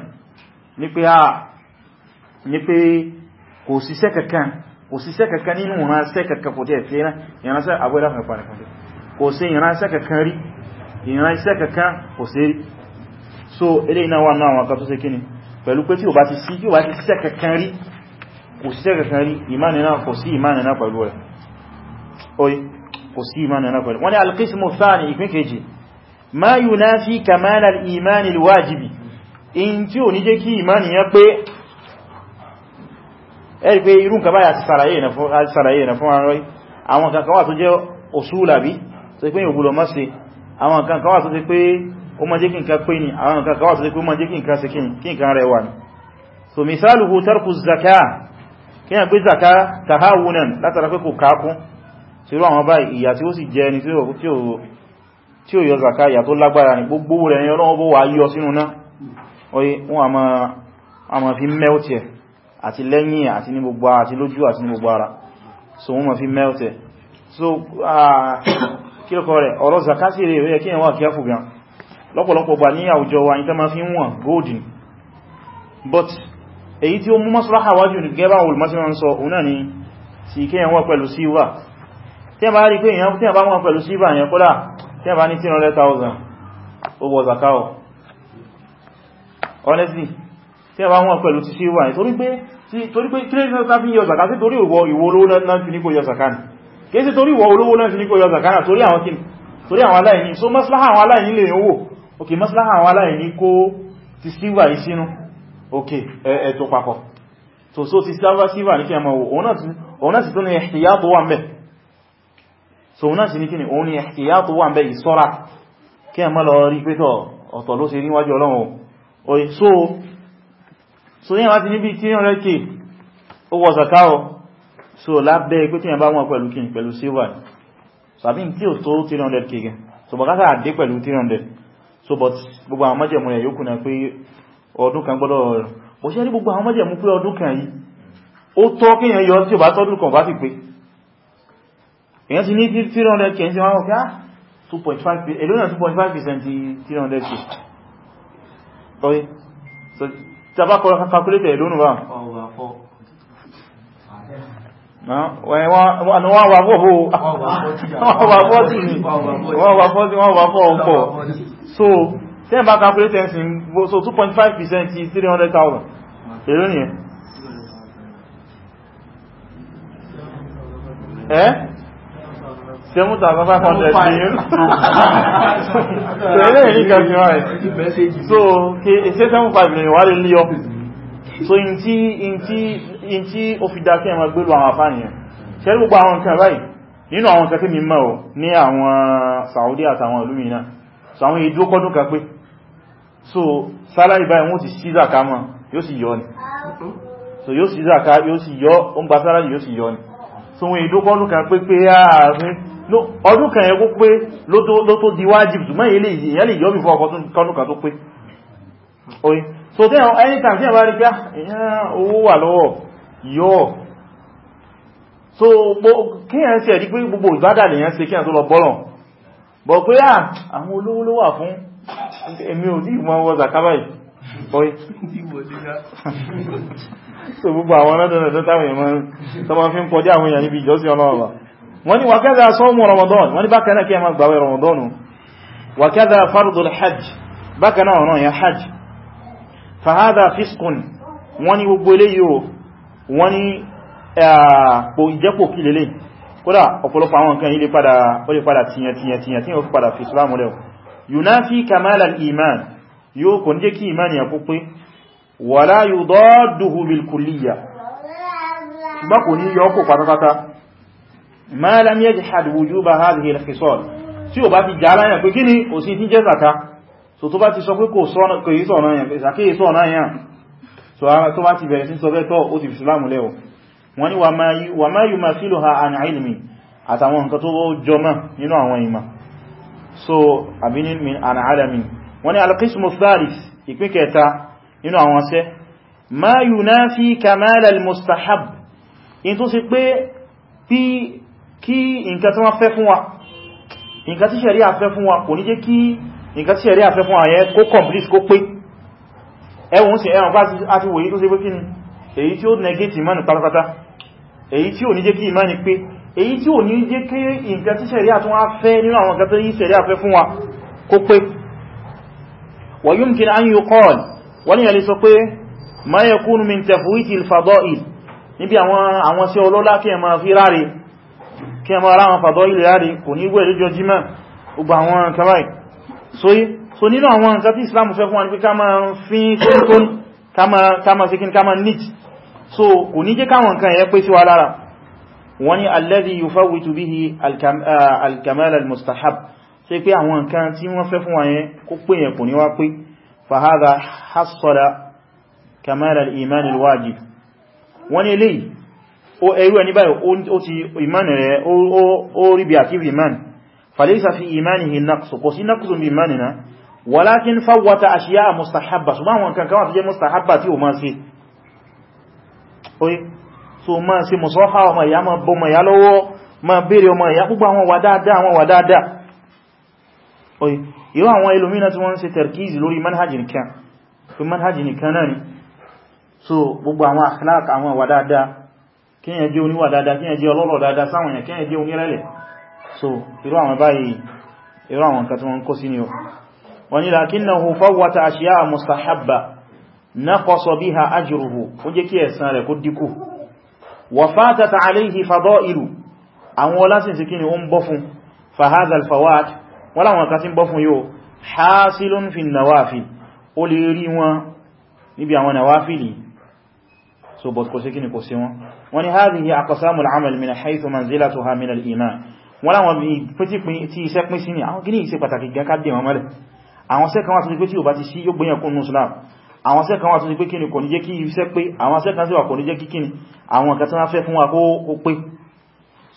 ní pé a ní pé kò síṣẹ́ kankan kò síṣẹ́ kankan nínú ìránṣẹ́ kankan kò jẹ́ ìfẹ́ ìránṣẹ́ agbẹ́dá fún ìfẹ́ kò sí ìránṣẹ́ kankan rí ìránṣẹ́ kankan kò sí rí so ilé iná wà náà àwọn kan tó sé kíni pẹ̀lú pé tí ò bá ti sí yóò ti síṣẹ́ kankan rí kò síṣẹ́ kankan rí ìmáni náà kò sí ìmáni náà pẹ̀lú rẹ̀ oye kò sí ìmáni náà pẹ̀lú wọ́n alqismu thani ìpín kejì ma yunafi kamal al-iman al-wajibi in tí ó ní jẹ́ kí ìmánì yẹn pé ẹ̀rì pé irú nǹkan báyà sàràyè na fún àárọ̀ àwọn kankan wà tó jẹ́ òsúlàbí tó pé ògbùlọ mọ́ sí àwọn kankan wà tó jẹ́ pé ó mọ́ jẹ́ kí nǹkan pé ní àwọn kankan wà tó jẹ́ pé ó mọ́ jẹ́ kí nǹkan sí kí nǹkan rẹ̀ wà ní so misaluhu tarku zaka kí yàn pé zaka tahawunan látara pé kò kákún sí irú àwọn báyìí ìyà tí ó sì jẹ ni tí ó tí ó yọ zakaya tó lágbára ní gbogbo rẹ̀ ní ọlọ́wọ́ bó wà yọ sínú náà oye wọ́n a ma fi mẹ́ọ̀tì ẹ̀ àti lẹ́yìn àti ní gbogbo àti lójú àti ní gbogbo ara so wọ́n ma fi mẹ́ọ̀tì so kílọ̀kọ́ rẹ̀ ọ̀rọ̀ zakasi rẹ̀ ó yẹ kí ẹwà kí á fògbà lọ́pọ̀lọpọ̀ gbà ní wa golden but èyí tí ó mú ni sí kí ẹwà pẹ̀lú síwà tí a bá rí pé èyàn tí a bá wọ́n pẹ̀lú síwà yẹn kọ́lá tí a bá ní 300,000 owó zakao honestly tí a bá wọ́n pẹ̀lú ti ṣíwà ní torí pé kílẹ̀ ta fi yọ zaka sí torí ìwọ olówó náà fi ní kó yọ zaka ní kìí sí torí ìwọ olówó náà fi ní kó yọ zaka náà torí àwọn aláìní so maslaha àwọn aláìní lè owó ok maslaha àwọn aláìní kó ti síwà ìsínú ok ẹ̀ẹ̀tò papọ̀ so so ti síwà ní kí a mọ̀ òun náà sì tó ní so una sí ní kí ni òun ni ihtiyatu wà ń bẹ ìṣọ́ra kí ẹ má lọ rí pétọ̀ ọ̀tọ̀ ló ṣe níwájú ọlọ́run oye so so yẹn láti níbi tí yẹn rẹ́kì ó wọ zakao so lábẹ́ pé tí yẹn bá wọn pẹ̀lú kí pẹ̀lú silver sàbí tí ó tó 300 kìí so bọ̀kátà àdé pẹ̀lú 300 so but gbogbo àwọn májẹ̀mú rẹ̀ yókù náà pé ọdún kan gbọ́dọ̀ rẹ̀ bọ̀ ṣe rí gbogbo àwọn májẹ̀mú pé ọdún kan yìí ó tọ́ kíyàn yọ tí ò bá tọ́dún kan bá ti pé èyàn ti ní 300 kẹ́ ah, sí wọ́n ká 2.5 èlò náà 2.5 percent 300 kẹ́ ọ̀yẹ́ so tabakọ̀ calculator èlò náà wọ́n wà fọ́ wọ́n wà fọ́ ọ̀pọ̀ so ten ba calculator sí so 2.5 percent 300,000 èlò nìyẹn ẹ́ seven thousand five hundred ni so eléyìí ní kẹfì right so ṣe seven five lè wà lè lé ọ so in tí in O in tí ó fi dákẹ́ ẹmọ gbélú àwọn afáànìyàn ṣe gbogbo àwọn nǹkan báyìí nínú àwọn kẹfì mímọ̀ ò ní àwọn Saudi àtàwọn ìlú mìíràn so àwọn èdè ókọdún kan pé so sálárì báyìí wọ́n ti sí zaka mọ́ yóò sì yọ ni ah. so yóò sì zaka yóò sì yọ ó ń gba sálárì yóò sì yọ ni so wọn ìdókọ́dún kan pé pé ààrin ah, ọdún kan ẹgbó pé ló tó di wájìbì tó mẹ́yìn ilé ìyẹ́ lè yọ́ bí fún ọkọ̀dún kan tó pé oye so tí ẹ̀họ anytime tí ẹ̀bá rí pé ah, owó wà lọ́wọ́ yọ́ so kí ẹ̀ sí ẹ̀rí pé gbogbo ìbádà lè yẹn ṣe kí ẹ̀ tó lọ bọ́lọ̀ bọ̀ pé ah, àwọn olówó ló so gbogbo àwọn ọ̀nàdọ̀dọ̀ táwọn èèyàn tó máa fi ń kọjá àwọn èèyàn níbi ìjọsí ọlọ́ọ̀bà wọ́n ni wàkádà sọ́ọ̀mù ramadan wọ́n ni bákanáà kí a máa gbàwẹ̀ ramadan wàkádà fardul hajj bákanáà ọ̀nà ya hajj fahada fiskun wọ́n ni gbogbo eléyìí wọ́n ni ìjẹ́pò ah, kí lélẹ̀ kódà ọ̀pọ̀lọpọ̀ àwọn nǹkan yìí lè padà tiyàtiyàtiyà tí ó fi padà fi islam lẹ́wọ̀ yunafi kamal wala yudadduhu bil kulliyya ṣùgbọ́n kò ní yọ́kò pátápátá ma lam yajhad wujuba hadhihi al khisal tí ó bá ti jà láyàn pé kíni kò sí tí jẹ́ zaka so tó bá ti sọ pé kò yí sọ̀nà yàn ìsàkíyè sọ̀nà yàn so ara tó bá ti bẹ̀rẹ̀ sí sọ bẹ́ tọ́ nínú àwọn ṣẹ́ ma yunafi kamal al-mustahab in tó sì pé bí kí nǹkan tí wọ́n fẹ́ fún wa nǹkan tí ṣẹ̀rí àfẹ́ fún wa kò ní jẹ́ kí nǹkan tí ṣẹ̀rí àfẹ́ fún wa yẹn kó complete kó pé ẹwùn sí ẹwùn bá ti wòye tó sì pé kí ni èyí tí ó negate ìmáni pátápátá èyí tí ò ní jẹ́ kí ìmáni pé èyí tí ò ní jẹ́ kí nǹkan tí ṣẹ̀rí àtún wá fẹ́ nínú àwọn nǹkan tí ṣẹ̀rí àfẹ́ fún wa kó pé wa yumkin an yuqal wọ́n ni ẹ̀lẹ́ sọ pé ma yakunu min tafwiti al-fada'il níbi àwọn àwọn sí ọlọ́lá kí ẹ ma fi ráre kí ẹ ma ra àwọn fada'il ráre kò ní gbé ìjọ jímọ̀ gbogbo àwọn nǹkan báyìí so so nínú àwọn nǹkan tí Islam fẹ́ fún wa ní pé ká ma fi tóní ká ma fi kí ká ma nít so فهذا حصل كمال الإيمان الواجب wọ́n ní eléyìí ó ẹrú ẹni báyìí ó ti ìmánì rẹ̀ ó rí bí àkífì ìmánì فليس في إيمانه نقص قصي نقص بإيماننا ولكن فوت أشياء مستحبة سبحانه وكان كما تجي مستحبة وما سي oye so ma se musoha ọmọ ìyá ma bọ́ ọmọ ìyá lọ́wọ́ ma bèèrè ọmọ ìyá púpọ̀ àwọn wà dáadáa àwọn wà dáadáa oye irú àwọn ilomina tí wọ́n ń ṣe tarkiz lórí manhajì nìkan fi manhajì nìkan náà ni so gbogbo àwọn akhlaq àwọn wà dáadáa kíyàn jẹ́ oníwà dáadáa kíyàn jẹ́ ọlọ́rọ̀ dáadáa sáwọn èèyàn kíyàn jẹ́ onírẹ̀lẹ̀ so irú àwọn báyìí irú àwọn nǹkan tí wọ́n kó sí ni al fawat wọ́n láwọn kan tí ń bọ́ fún yóò hasilun fi nawafil ó lè rí wọn níbi àwọn nawafili so bọ̀ kò sí kí ni kò sí wọn wọ́n ni hadhihi aqsamul amal min haythu manzilatuha min al-iman wọ́n láwọn bí pẹ́tí tí iṣẹ́ pín sí ni àwọn kí ní iṣẹ́ pàtàkì gan ká dẹ̀ wọn mọ́lẹ̀ àwọn iṣẹ́ kan wà tó ti pé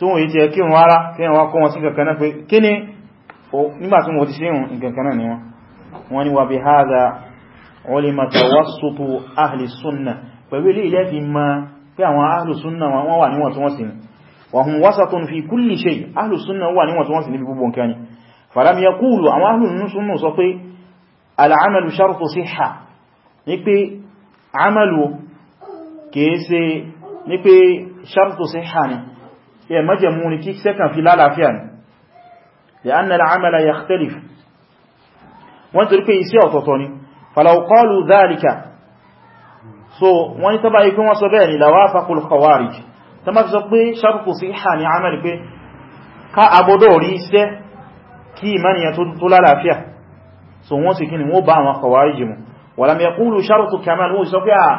tó wọ́n yìí ti ẹkí wọn ara kí wọ́n kọ́ wọn sí kankaná pé kí ni nígbàtí wọ́n ti sí ìhun kankaná ni wọ́n wọ́n ni wà bí haza ulima tawassutu ahli sunna pẹ̀lú ilé ilẹ̀ fi ma pé àwọn ahli sunna wọ́n wà níwọ̀ntúnwọ̀nsì ni wa hum wasatun fi kulli shay ahli ni falam yaqulu àwọn ẹ májẹ̀mú ní kí sẹ́kàn fi lálàáfíà ní lè an nàlá àmàlà ya tẹ́lif wọ́n tó rípe iṣẹ́ ọ̀tọ̀tọ̀ ni falauqalu dhalika so wọ́n ni tàbá ikú wọ́n sọ bẹ́ẹ̀ ni lawafaqul khawarij ta ma fi sọ pé ṣarkù sí ha ni amẹ́rì pé ká abọ́dọ̀ rí iṣẹ́ kí ìmániyàn tó lálàáfíà so wọ́n sì kí ni wọ́n bá àwọn khawarij mu walam yaqulu ṣarkù kamal wọ́n sọ pé à ah,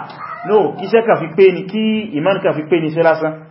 no kíṣẹ́ ka fi pé ni kí ìmániyàn ka fi pé ni ṣe lásán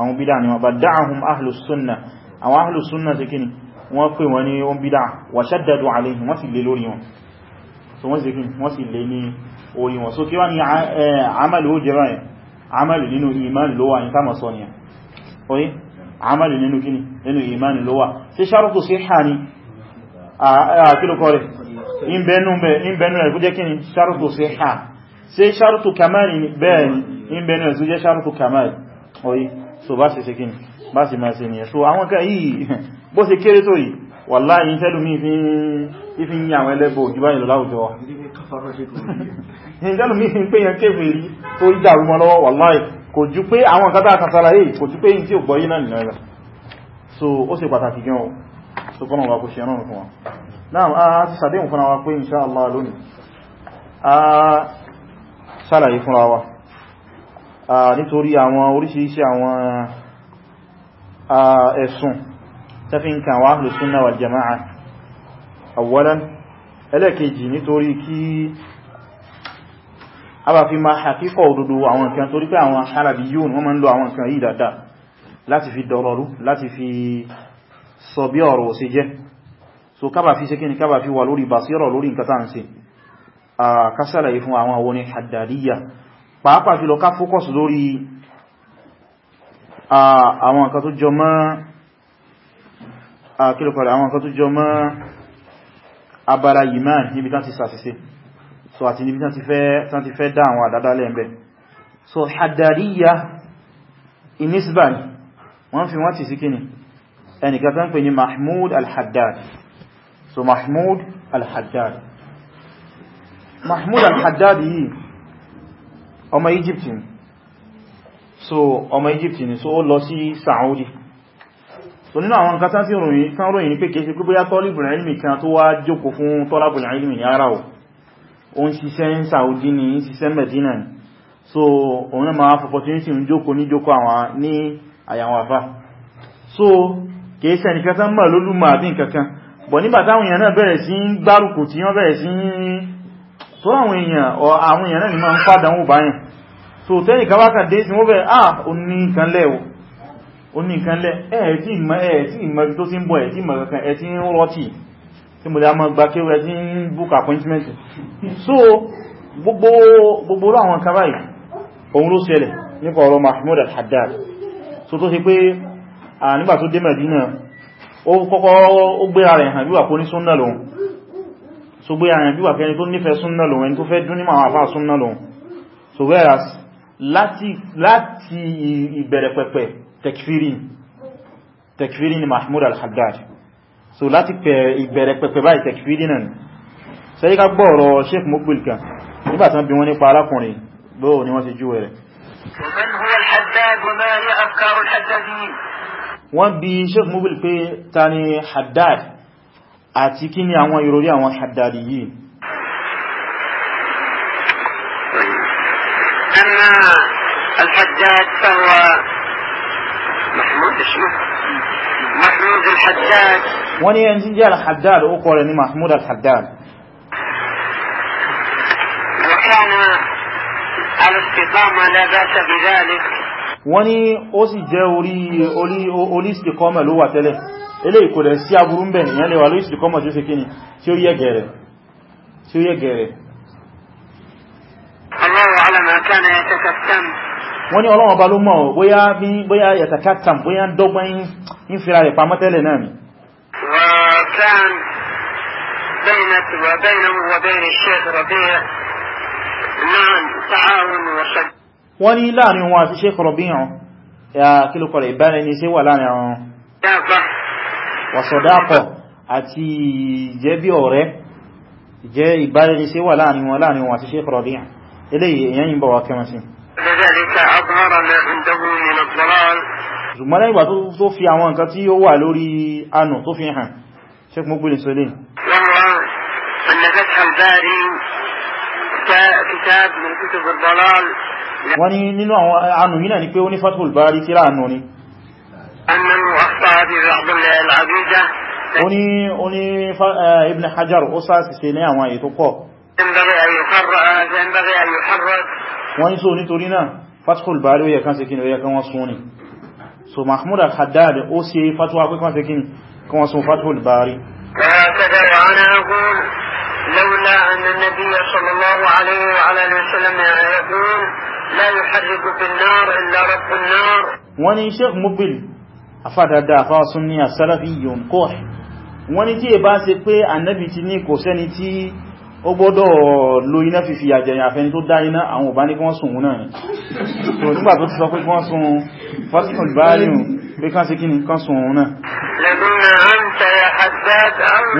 àwọn bídá ni wọ́n bá dáhùn ahlùsúnnà àwọn ahlùsúnnà sí kí ni wọ́n pè wọ́n ní wọ́n bídá wà ṣaddadu alayhim wọ́n sì lè lórí wọn so wọ́n sì kí wọ́n sì lè ní orí wọn so kí wá ní àmàlù ó jẹrọ ẹ̀ àmàlù nínú ìmánì lówà ní tàmà sọ nìyàn oye àmàlù nínú kí ni nínú ìmánì lówà sí ṣarúkù sí hà ní àkílùkọ rẹ̀ jẹ́ kí ni ṣarúkù so bá sì ṣe kí bá sì máa ṣe nìyẹn so àwọn ká yìí bó ṣe kéré tó yìí wàláhí tẹ́lùmí fi ń yà àwọn ẹlẹ́bọ̀ jù báyìí lọ láwùjọ wa tẹ́lùmí fi ń pè yàn kéfì rí tó rí dàrú mọ́ lọ́wọ́ wàláhí kò ju pé àwọn kátà àkàtàrà yìí kò ju pé yìí tí ò gbọ́yí náà nìyàn so ó o so kọ́nà wa kò fún wa a ti sàdéhùn fúnra wa wa nítorí àwọn oríṣiríṣi àwọn ẹ̀sùn tafin kan wa ahlu sunna wal jama'a awwalan ẹlẹ́kejì nítorí kí a bá fi ma hakíkọ̀ òdodo àwọn nǹkan torí pé àwọn Halabiyyun wọ́n ma ń lo àwọn nǹkan yìí dáadáa láti fi dọ̀rọ̀rú láti fi sọ bí ọ̀rọ̀ sí jẹ́ so ká bá fi ṣe kí ni ká fi wà lórí basírọ̀ lórí nǹkan tàà ń ṣe a kásàlàyé fún àwọn àwọn ni haddadiyya pàápàá jùlọ ká fókọ̀sù lórí àwọn nǹkan tó jọ mọ́ àkílùkọ̀rẹ̀ àwọn nǹkan tó jọ mọ́ abala yìmán níbi tán ti sàṣìṣe so àti níbi tán ti fẹ́ dá àwọn àdádá lẹ́ẹ̀mẹ́ so haddadiyya inisbani wọ́n fi wọ́n ti sí kíni ẹnìkan tán pè ní mahmud al-haddad so mahmud al-haddad mahmud al-haddad yìí ọmọ Egypt ni so ọmọ Egypt ni so ó lọ sí Saudi so nínú àwọn nǹkan tí ròyìn tán ròyìn ní pé kèsí pé bóyá tọ́lìbùn ilmi kan tó wá jókòó fún tọ́lábùn ilmi ní ara ò ó ń ṣiṣẹ́ ń Saudi ni ń ṣiṣẹ́ Medina ni so òun ma opportunity ń jókòó ní jókòó àwọn ní àyàwọn àfá so kèsí ẹnìkan tán mọ̀ lólúmọ̀ àbí nǹkankan bọ̀ nígbà táwọn èèyàn náà bẹ̀rẹ̀ sí ń gbárùkù tí wọ́n bẹ̀rẹ̀ sí ń tó àwọn èèyàn náà ni máa ń fádàwò báyìí so tẹ́nì kawákà dé sí wọ́n bẹ̀rẹ̀ ah o ní nǹkan lẹ́ o o ní nǹkan lẹ́ ẹ̀ tí ìmọ̀ ẹ̀ tí ìmọ̀ tó sí ń bọ̀ ẹ̀ tí ìmọ̀ kankan ẹ̀ tí ń rọ́tì tí mo dá mọ́ gba kéwẹ́ ẹ̀ tí book appointment so gbogbo gbogbo àwọn kan báyìí òun ló ṣẹlẹ̀ nípa ọ̀rọ̀ Mahmud al-Haddad so tó ṣe pé à nígbà tó dé Medina ó kọ́kọ́ ó gbé ara ẹ̀hàn bí wà kó ní súnnà lòun so gbé ara ẹ̀hàn bí wà kẹni tó nífẹ̀ẹ́ súnnà lòun ẹni tó fẹ́ dún ní màwọn àfáà súnnà lòun so whereas láti ìbẹ̀rẹ̀ pẹ̀pẹ̀ tekfiri tekfiri ni mahmud al-haddad so láti ìbẹ̀rẹ̀ pẹ̀pẹ̀ báyìí tekfiri náà so yíká gbọ́ọ̀rọ̀ sheikh mokbil kan nígbàtán bí wọ́n nípa arákùnrin bóò ni wọ́n ti jú rẹ̀ wọ́n bi sheikh mokbil pé ta ni haddad àti kí ni àwọn ìròrí àwọn haddadi yìí أما الحداد فهو محمود اسمه محمود الحداد وني ينزل جاء الحداد أقول محمود الحداد وكان الاستقامة لا بأس بذلك وني أوسي جاوري أولي أولي استقامة لو وتله eléyìí kò dẹ̀ sí aburú ń bẹ̀ ìyẹn lè wà lórí ìsìnkọ́mọ̀ tí ó ṣe kí ni tí ó yẹ gẹ̀rẹ̀ kama yatakatam wọ́n ní Ọlọ́run ba ló mọ̀ o bóyá bí bóyá yatakatam bóyá dọ́gbọ́n yin fira rẹ̀ pamọ́ tẹ́lẹ̀ náà ni wa kan bayna wa bayna wa bayna shaykh rabi'a nan wọ́n ní láàrin wọn àti shaykh rabi'a ya kilo kore ibane ni ṣe wà láàrin wọn wa sadaqa àti jẹ́ bí ọ̀rẹ́ jẹ́ ìbáraẹnisẹ́ wà láàrin wọn láàrin wọn àti shaykh rabi'a eléyìí èyàn yìnbọn wà kẹwọn sí ṣùgbọ́n lẹ́yìn ìgbà tó fi àwọn nǹkan tí ó wà lórí ànà tó fi hàn sheik mokbulin sọ lẹ́yìn wọ́n ni nínú àwọn ànù yìí náà ni pé ó ní fatul bari tíra ànù ni ó ní eh, ibn hajar ó sáà sì ṣe ní àwọn èyí tó pọ̀ wọ́n ní so nítorí náà fatihul bari ó yẹ kan sekini ó yẹ kan wọ́n sún ni so mahmud al-haddad ó ṣe fatuwa pé kan sekini kan wọ́n sún fatihul bari لولا أن النبي صلى الله عليه وعلى اله وسلم يقول لا يحرك بالنار إلا رب النار وني شيخ مبل أفاد دافع سنية سلفي ينقح وني تي باسي pé annabi ti ní kò sẹ́ni tí ó gbọ́dọ̀ lo iná fífi àjẹyàn àfẹni tó dá iná àwọn òbá ní kí wọ́n sùn wọn náà so nígbà tó ti sọ pé kí wọ́n sùn fatikul báyìí pé kán sí kí ní kán sùn wọn náà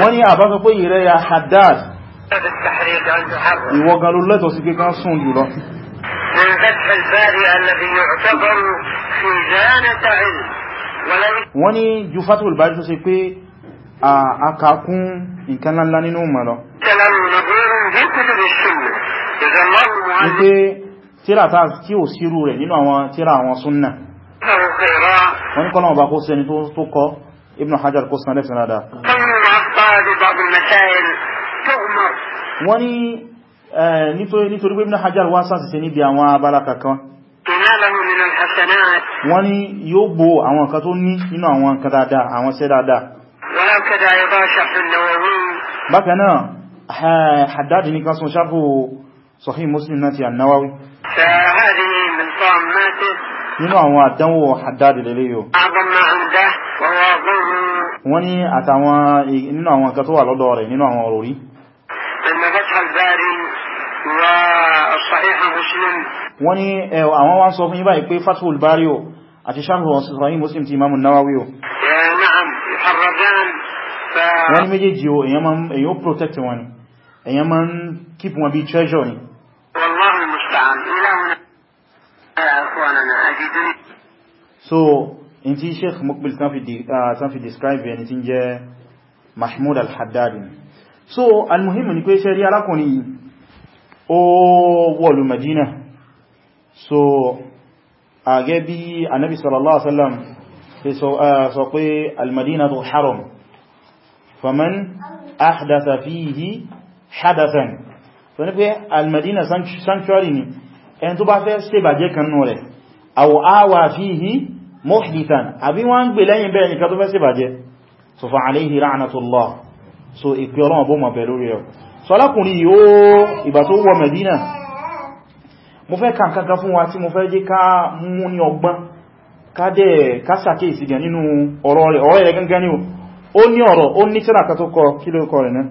wọ́n ní àbá sọ pé ìrẹ́ ya haddad ìwọ ló lẹ́tọ̀ sí pé kán sùn jùlọ wọ́n ní ju báyìí tó ṣe pé àkàkún nǹkan lánlá nínú mọ̀ lọ wípé tíra ta tí o sírú rẹ̀ nínú àwọn tíra àwọn súnnà wọ́n ní kọ́lọ̀ ọba kó sẹni tó kọ́ Ibn Hajar kó sàn lẹ́sìn rádá wọ́n ní nítorí pé Ibn Hajar wá sáàsì níbi àwọn abala kankan wani ní yóò gbó àwọn nǹkan tó ní nínú àwọn nǹkan dáadáa àwọn ṣẹ́ وهكذا أيضا شرح النووي بكنا حداد نكاس شرح صحيح مسلم ناتي النووي فهذه من صاماته nínú àwọn àdánwò àdáde lè léyò wọ́n ní àtàwọn nínú àwọn nǹkan tó wà lọ́dọ̀ rẹ̀ nínú àwọn ọ̀rọ̀ rí wọ́n ní àwọn wá sọ fún yín báyìí pé fathul bari àti sharh sahih muslim ti imamu nawawi o wọ́n ní ah. méjèèjì o èyàn ó protect wọn ni èyàn máa ń keep wọn bí treasure ni so in ti sheikh mukbil san fi ah, describe ẹni tí ń jẹ́ mahmud al-haddadi so al-muhimmi ni pé ṣe rí alákùnrin ó wọ̀lú madina so a gẹ́bí anabi sallallahu alaihi ah, sọ pé al-madina tó haram faman ahdatha fihi hadathan tó ní pé almadina sanctuary ni ẹn tó bá fẹ́ ṣe bàjẹ́ kan nù rẹ̀ aw awa fihi muhdithan àbí wọ́n ń gbé lẹ́yìn bẹ́ẹ̀ nìkan tó fẹ́ ṣe bàjẹ́ so fa alayhi ra'natullah so ìpé ọlọ́wọ́ bó ma bẹ̀ lórí ẹ̀ so alákùnrin yíó ìgbà tó wọ Medina mo fẹ́ kàn kankan fún wa tí mo fẹ́ jẹ́ ká mú ní ọgbọ́n ká dẹ̀ ká sàkéèsì gan nínú ọ̀rọ̀ rẹ̀ ọ̀rọ̀ rẹ̀ gangan ni ó ní ọ̀rọ̀ ó ní tírà kan tó kọ kí ló kọ rẹ̀ náà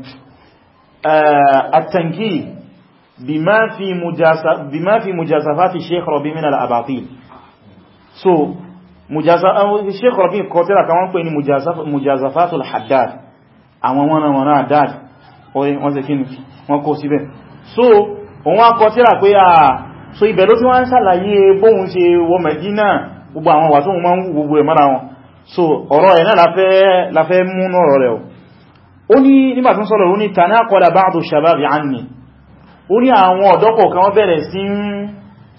at-tanqih bima fi mujazafati Sheikh Rabi' min al-abatil so Sheikh Rabi' kọ tírà kan wọ́n pè ní mujazafatul haddad àwọn wọ́n wọ́n haddad wọ́n ṣe kíni wọ́n kó síbẹ̀ so òun wá kọ tírà pé à so ibẹ̀ ló tí wọ́n ń ṣàlàyé bóhun ṣe wọ Medina gbogbo àwọn wà tó wọ́n máa gbogbo ẹ̀ mọ́ra wọn so ọ̀rọ̀ ẹ̀ náà láfẹ́ múnú ọ̀rọ̀ rẹ̀ ó ní nígbà tún sọ́rọ̀ ó ní tanaqala ba'du shababi anni ó ní àwọn ọ̀dọ́kọ̀ kan wọ́n bẹ̀rẹ̀ sí ń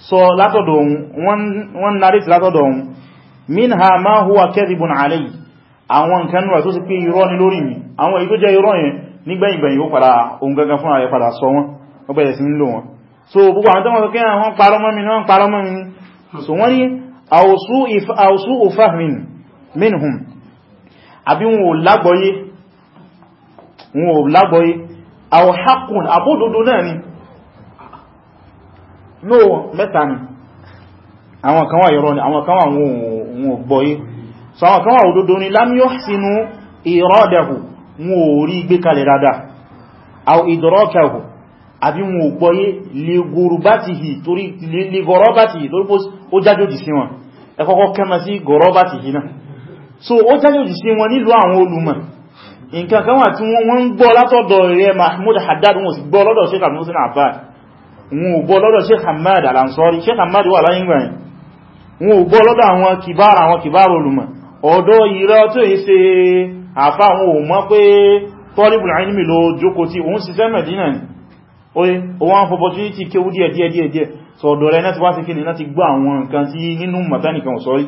sọ látọ̀dọ̀ òun wọ́n narrate látọ̀dọ̀ òun minha ma huwa kadhibun alayhi àwọn nǹkan wà tó sì pé irọ́ ni lórí mi àwọn èyí tó jẹ́ irọ́ yẹn nígbẹ̀yìngbẹ̀yìn ó padà ohun gangan fún ààrẹ padà sọ wọn ó bẹ̀rẹ̀ minhum àbí wọn ò lágbọ́yé wọn ò lágbọ́yé aw haqqun àbódodo náà ni no mẹ́ta ni àwọn kan wà yọrọ ni àwọn kan wà wọn ò gbọ́yé so àwọn kan wà òdodo ni lam yuhsinu iradahu wọn ò rí gbé kalẹ̀ dáadáa aw idrakahu àbí wọn ò gbọ́yé lè gọrọ bá ti hì torí ó jájòdì sí wọn ẹkọ́kọ́ kẹ́mà sí gọrọ bá ti hì náà so ó tẹ́jọ̀jù sí wọn nílùú àwọn olùmọ̀ nǹkan kan wà tí wọ́n ń gbọ́ látọ̀dọ̀ rẹ̀ Mahmud Haddad wọn sì gbọ́ lọ́dọ̀ Sheikh Abdul Muhsin Affan wọn ò gbọ́ lọ́dọ̀ Sheikh Hamad Al-Ansari Sheikh Hamad wà láyé ìgbà wọn ò gbọ́ lọ́dọ̀ àwọn kìbára àwọn kìbára olùmọ̀ ọ̀dọ̀ ìrẹ́ tó yí ṣe àfá àwọn ò mọ̀ pé tọ́líbùl ilmi ló jókó tí òun sì sẹ́mẹ̀ dínà ní oye òun opportunity kéwú díẹ̀ díẹ̀ díẹ̀ díẹ̀ sọ̀dọ̀ rẹ̀ náà ti wá sí kí ni láti gbọ́ àwọn nǹkan tí nínú mọ̀tánìkan sọ́rí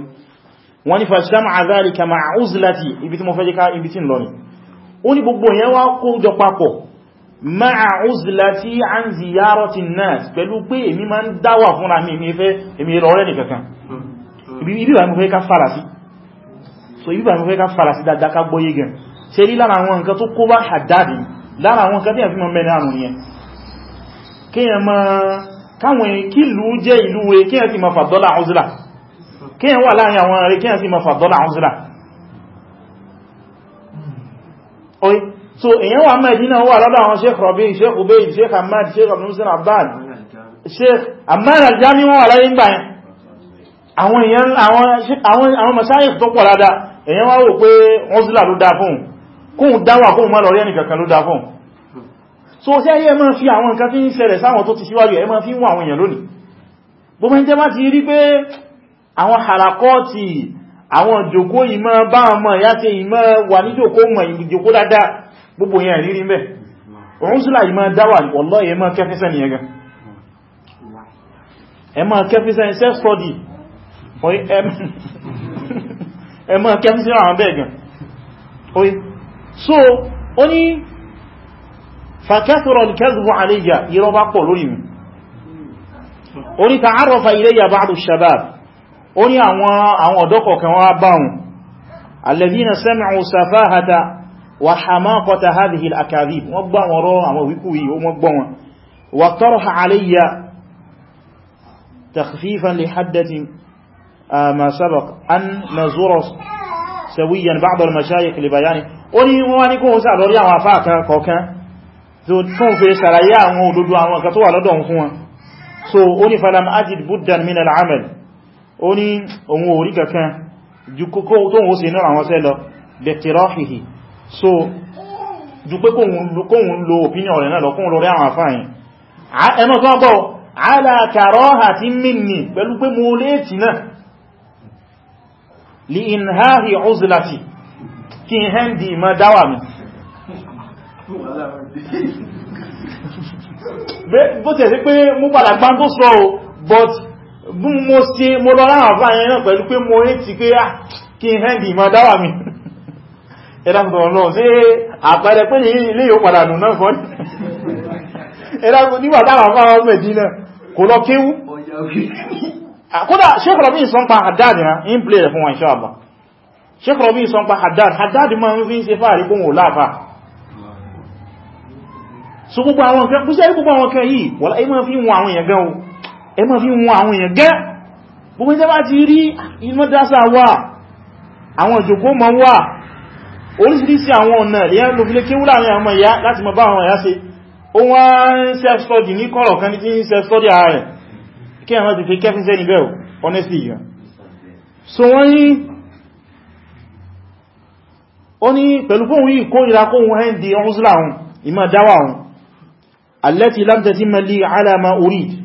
wọ́n ni fàṣílámà àzáríkà ma àúzìláti ibi tí mo fẹ́ jíká ibi tí ń lọ ni ó ní gbogbo yẹn wá kó jọ papọ̀ ma àúzìláti an ziyarati nas pẹ̀lú pé èmi ma ń dáwà fúnra mi èmi rọrẹ́ ní kankan ibi bá mo fẹ́ ká farasí so ibi bá mo fẹ́ kí ìlú jẹ́ ìlú wé kí ẹ ti ma fàdọ́lá àúzìláti kíyàn wà láàrin àwọn arẹ kíyàn sí ma fàdọ́lá àwọn sílá oye so èyàn wà mẹ́jì náà wà lọ́dọ̀ àwọn sheikh Rabi sheikh Ubayy sheikh Ahmad sheikh abdulmusin abdal sheikh Ahmad aljami wọ́n wà láyé ń gbáyẹn àwọn èyàn àwọn masáyẹ̀ tó pọ̀ ládá èyàn wá wò pé wọ́n sílá ló dá fún kún dáwà kún mọ́ lọ́rí ẹnìkankan ló dá fún so sí ayé ma fi àwọn nǹkan tí ń ṣẹlẹ̀ sáwọn tó ti síwájú ẹ ma fi ń wà àwọn èyàn lónìí bó mẹ́ jẹ́ bá ti rí pé àwọn harakọ́ọ̀tì àwọn ìjòkó ìmọ̀ bá ọmọ ìyá tí ìmọ̀ wà ní jòkó mọ̀ ìjòkó dáadáa gbogbo yẹn rírí mẹ́ òun sílá ìmọ̀ dáwà wallahi ẹ máa kẹfíṣẹ́ ni ẹgan ẹ máa gan so ó ní fàkẹ́sọ̀rọ̀ kẹ́zùbọ̀ àlẹ́yà ìrọ́bá pọ̀ lórí mi orí ta'arrafa ilayya ba'du shabab ó ní àwọn ọ̀dọ́kọ̀ kan wá bá wọn alladhina sami'u safahata wa hamaqata hadhihi al-akadhib wọ́n gbọ́ wọn rọ́ àwọn wíkú o wọ́n gbọ́ wọn wa tarha alayya takhfifan li haddati ma sabaq an nazura sawiyan ba'd al li bayani ó ní wọ́n ní kó sà lórí àwọn afá kan kọ̀ọ̀kan tó tún fẹ́ sàlàyé àwọn òdodo àwọn kan tó wà lọ́dọ̀ fún wọn so ó ní falam ajid buddan min al'amal ó ní ohun orí kankan ju tó wọ́n ṣe náà àwọn sẹ́ lọ so ju kóhun lo opinion rẹ̀ náà lọ kóhun lórí àwọn àfáàyìn ẹmọ́ tó gbọ́ alákàrọ́hà ti mìnì pẹ̀lú pé mo léètì náà li bí mo ṣe mo lọ láwọn àfáà yẹn náà pẹ̀lú pé mo rí ti pé á ah, kí hẹ́ndì ma dáwà mi ẹ̀dàkùtọ̀ ọ̀nà sí àpẹẹrẹ pé ní ilé yóò padà nù náà fọ́n ẹ̀dàkùtọ̀ nígbà táwà fáwọn mẹ́dínà kò lọ kéwú kódà ṣékọ̀lọ́bí ìsọ́npa haddad na in play rẹ̀ fún wọn inshallah ṣékọ̀lọ́bí ìsọ́npa haddad àwọn kẹ́ yìí wọ́n láì ma ẹ ma fi wọn àwọn èèyàn gẹ́ gbogbo ìjẹ́ bá ti rí iná dásà wà àwọn ìjòkó ma wà oríṣìíríṣìí àwọn ọ̀nà ìyẹn ló fi lé kéwú láàrin àwọn ìyá láti mọ̀ bá àwọn ìyá ṣe ó wọ́n ń self-study ní kọ̀rọ̀ kan tí ń self-study ààrẹ kí àwọn ti fi kẹfin sẹ́ni bẹ́ẹ̀ honestly yẹn so wọ́n ní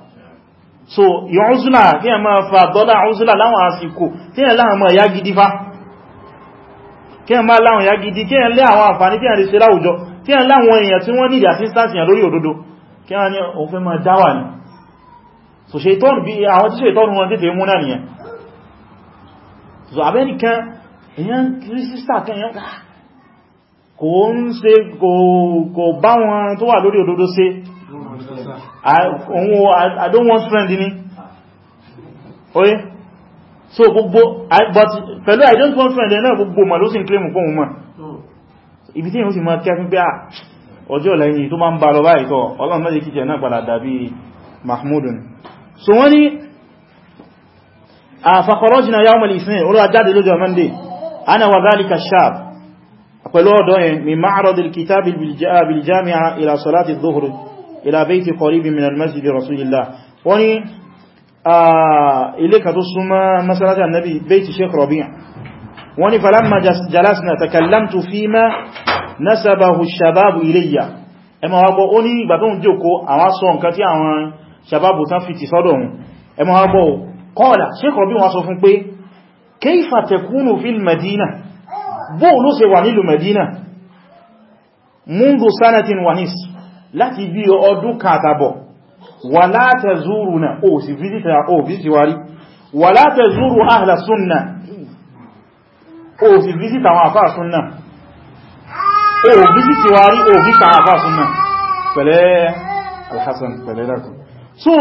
so yọ ọ́sùlà kí ẹ máa fa dọ́là ọ́sùlà láwọn àsìkò kí ẹ láwọn ya gidi fa kí ẹ máa láwọn ya gidi kí ẹ lé àwọn àǹfààní kí ẹ lè ṣe láwùjọ kí ẹ láwọn èèyàn tí wọ́n nílì assistance yàn lórí òdodo kí ẹ ní so ṣètọ́n bí àwọn tí ṣètọ́n wọn tètè mú náà nìyẹn so abẹ́nìkan èèyàn kírísítà kẹyàn kò ń ṣe kò bá wọn tó wà I don't want friend ni oye so gbogbo but pẹ̀lú I don't want friend náà gbogbo ma ló sì ń claim fún woman. ma ibi tí yíò sì máa kẹ́ fún pé à ọjọ́ lẹ́yìn tó máa ń bá lọ báyìí tọ́ ọlọ́run mẹ́jì kíkẹ náà padà dàbí mahmudun so wọ́n ni àfàkọrọ́jìnà yawon malisne orí ajáde lójọ monday ana wa zalika shab pẹ̀lú ọ̀dọ́ yẹn mi ma'aradil kitabil biljami'a ila salati dhuhri ila bayti qaribin min al-masjid rasulillah wọ́n ní ilé ka tó súnmọ́ masalata annabi bayti sheikh rabi' wọ́n ní falamma jalasna takallamtu fima nasabahu shababu ilayya ẹmọ wagbọ́ ó ní ìgbà tó ń jòkó àwọn sọ nǹkan tí àwọn shababu tán fi ti sọ́dọ̀ hun ẹmọ wagbọ́ qala sheikh rabi' wọ́n láti bí ọdún kàtàbọ̀ wà látẹ̀ zúrù náà ó sì fíjítà ó fíjíwárí wà látẹ̀ zúrù ahla súnnà ó sì fíjítà wọn àfáà súnnà ó fíjítíwárí ó fíjítà àfáà súnnà pẹ̀lẹ́ alhassan pẹ̀lẹ́ dákùn so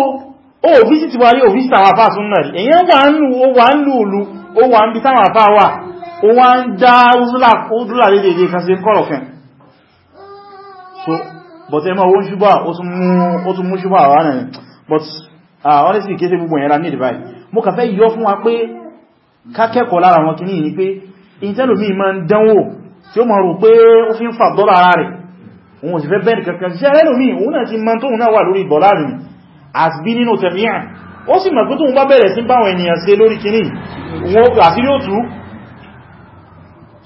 ó fíjítíwárí ó fíjítà wọn àfáà súnnà rí èyàn wà ń lù ó wà ń lù òlù ó wà ń bí táwọn àfáà wà o wá ń dá úzúlà lédèdè kan sí kọ́rọ̀fẹ́ so but ẹ ma wọ́n ṣúgbà ó tún mú ṣúgbà wà náà but ah, honestly kéèsè gbogbo ẹ̀yẹn la ní ìdìbáyì mo kà fẹ́ yọ fún wa pé kákẹ́kọ̀ọ́ lára wọn kìíní ni pé ìtẹ́lòmí ma ń dánwò tí ó ma rò pé ó fi ń fà dọ́là ara rẹ̀ òun sì fẹ́ bẹ́ẹ̀rẹ̀ kankan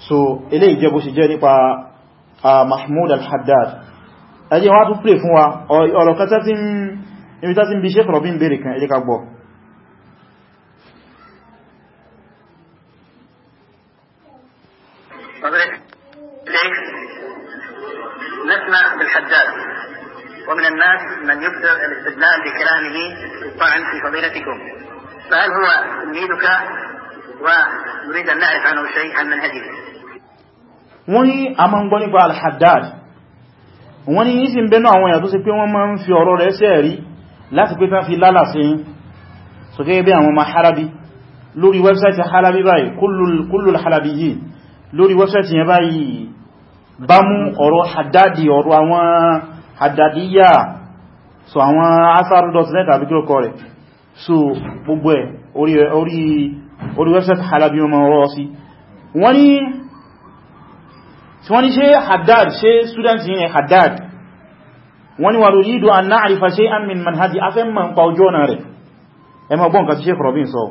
so eléyìí jẹ́ bó ah, Mahmoud al-Haddad ẹjẹ́ wá tún play fún wa ọ̀rọ̀ kẹta tí ibi tàbí bí sẹ́kọ̀rọ̀ bí n bèèrè kan ẹjẹ́ ká gbọ́ نسمع بالحداد ومن الناس من يبدر الاستدلال بكلامه طعن في فضيلتكم فهل هو تلميذك ونريد أن نعرف عنه شيئا من هديه wọ́n yí a máa ń gbọ́ nípa al-Haddad wọ́n ní ìsìn bẹ́nà àwọn èèyàn tó ṣe pé wọ́n máa ń fi ọ̀rọ̀ rẹ̀ ṣe ẹ̀rí láti pé tán fi lálà sí yí so gẹ́gẹ́ bí àwọn ma harabi lórí wẹ́bsáìtì harabi báyìí kullul harabi yìí lórí wẹ́bsáìtì yẹn báyìí bá mú ọ̀rọ̀ haddadi ọ̀rọ̀ àwọn haddadiya so àwọn asaru.net àbí kí tí wọ́n ní ṣe haddad ṣe student yìí ne haddad wọ́n ní wà lórí ìdó an náà àrífà ṣe an min manhaji afẹ́ ma ń pa ojú ọ̀nà rẹ̀ ẹ ma gbọ́n ka ti ṣe robin sọ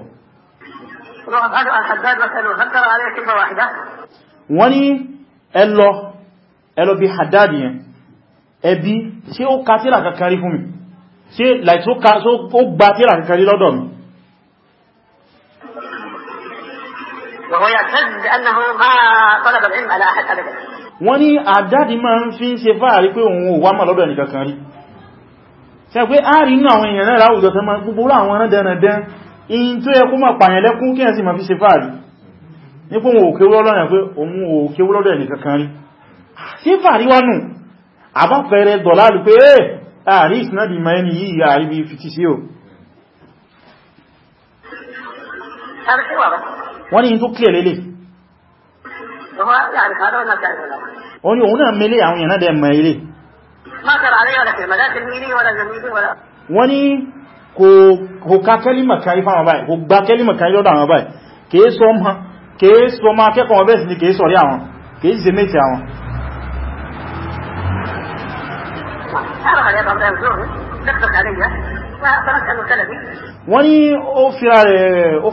wọ́n ní ẹlọ ẹlọ bí haddad yẹn ẹbí ṣe ó ka tíra kankan fún mi ṣe láìsí ó gba tíra kankan lọ́dọ̀ mi وهو يعتز أنه ما طلب العلم على أحد أبدا wọ́n ní àdádi máa ń fi ń ṣe fáàrí pé òun ò wá mọ̀ lọ́dọ̀ ẹnìkankan rí ṣe pé a rí inú àwọn èèyàn náà láwùjọ tẹ́ máa àwọn ọ̀rán in tó yẹ kó máa pààyàn lẹ́kún kí ẹ máa fi ṣe fáàrí rí ṣe fáàrí wọ́n ní tó clear lélẹ̀ wọ́n ní òun náà mẹ́lẹ̀ àwọn èèyàn náà dẹ̀ mẹ́ ilé wọ́n ní kò ká kẹ́límà kárí fáwọn báyìí kò gba kẹ́límà kárí lọ́dọ̀ àwọn báyìí kìí sọ ma kìí sọ ma kẹ́kọ̀ọ́ bẹ́ẹ̀ sí ni kìí sọ̀rí àwọn kìí sì mẹ́sì àwọn wọ́n ní ó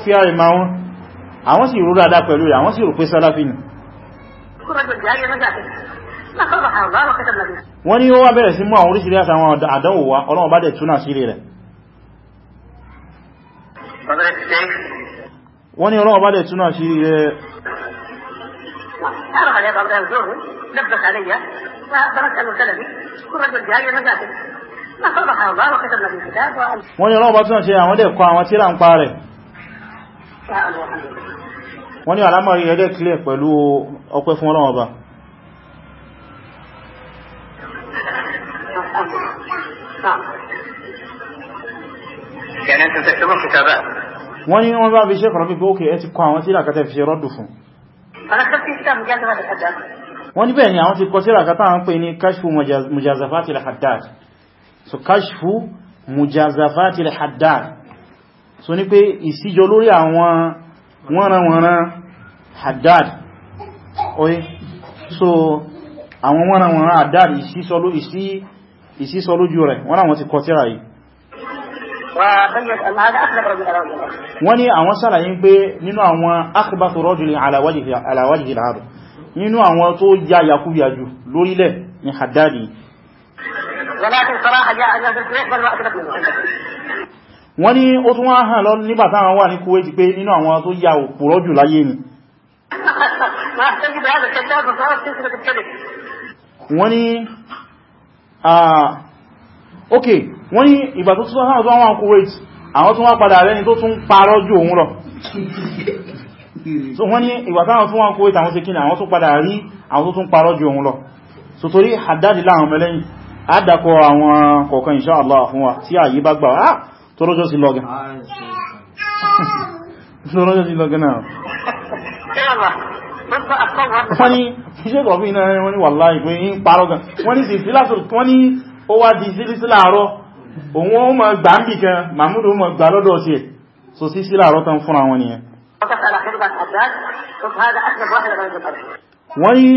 fi ara rẹ̀ máa wọn àwọn sì rú dáadáa pẹ̀lú rẹ̀ àwọn sì rò pé sálàfí ni wọ́n ní ó wá bẹ̀rẹ̀ sí mú àwọn oríṣìírí àtàwọn àdánwò wá ọlọ́run bá dẹ̀ túnà sírí rẹ̀ wọ́n ní ọlọ́run bá dẹ̀ túnà sírí rẹ̀ wọ́n ní ọlọ́run bá túnà sí àwọn dẹ̀ kọ àwọn tíra ń pa rẹ̀ wọ́n ní alamari ẹ̀dẹ́ clear pẹ̀lú ọpẹ́ fún Ọlọ́run Ọba wọ́n ní wọ́n bá fi ṣe kọ̀rọ̀ pípé ókè ẹ ti kọ àwọn tí ìlàkàtà fi ṣe rọ́dù fún wọ́n ní bẹ́ẹ̀ ni àwọn ti kọ sí ìlàkàtà àwọn pè ní kashfu mujazafati al-haddad so kashfu mujazafati al-haddad so ní pé ìsíjọ lórí àwọn wọ́nranwọ̀nran haddad oye so àwọn wọ́nranwọ̀nran haddad ìsísọ lójú rẹ̀ wọ́n àwọn ti kọ tírà yìí wọ́n ní àwọn sàlàyé ń pé nínú àwọn akhbatu rajulin ala wajhi al-ard nínú àwọn tó já yakúyàjú lórílẹ̀ ni haddadi wọ́n ní ó tún wá hàn lọ nígbàtá àwọn wà ní Kuwait pé nínú àwọn tó yà òpùrọ́ jù láyé ni wọ́n ní ìgbà tó tún hàn tó wọ́n ní ìgbàtá àwọn tún wá padà rí àwọn tó tún parọ́ jù òun lọ so torí mẹ́lẹ́yìn àdàkọ àwọn kọ̀ọ̀kan insha Allah fún tí àyí bá gbà tó rọ́jọ́ sí lọ́gán tó rọ́jọ́ sí lọ́gán náà wọ́n ni iṣẹ́ ìgbọ̀fí iná wọ́n ni wàláhì pé ń parọ́ gan wọ́n ni sí látòrò wọ́n di sí sí láàárọ̀ òun ó mọ̀ gbà ń bì kan mahmud ó mọ̀ gbà lọ́dọ̀ sí ẹ̀ so sí sí tán fúnra wọn nìyẹn wọ́n ni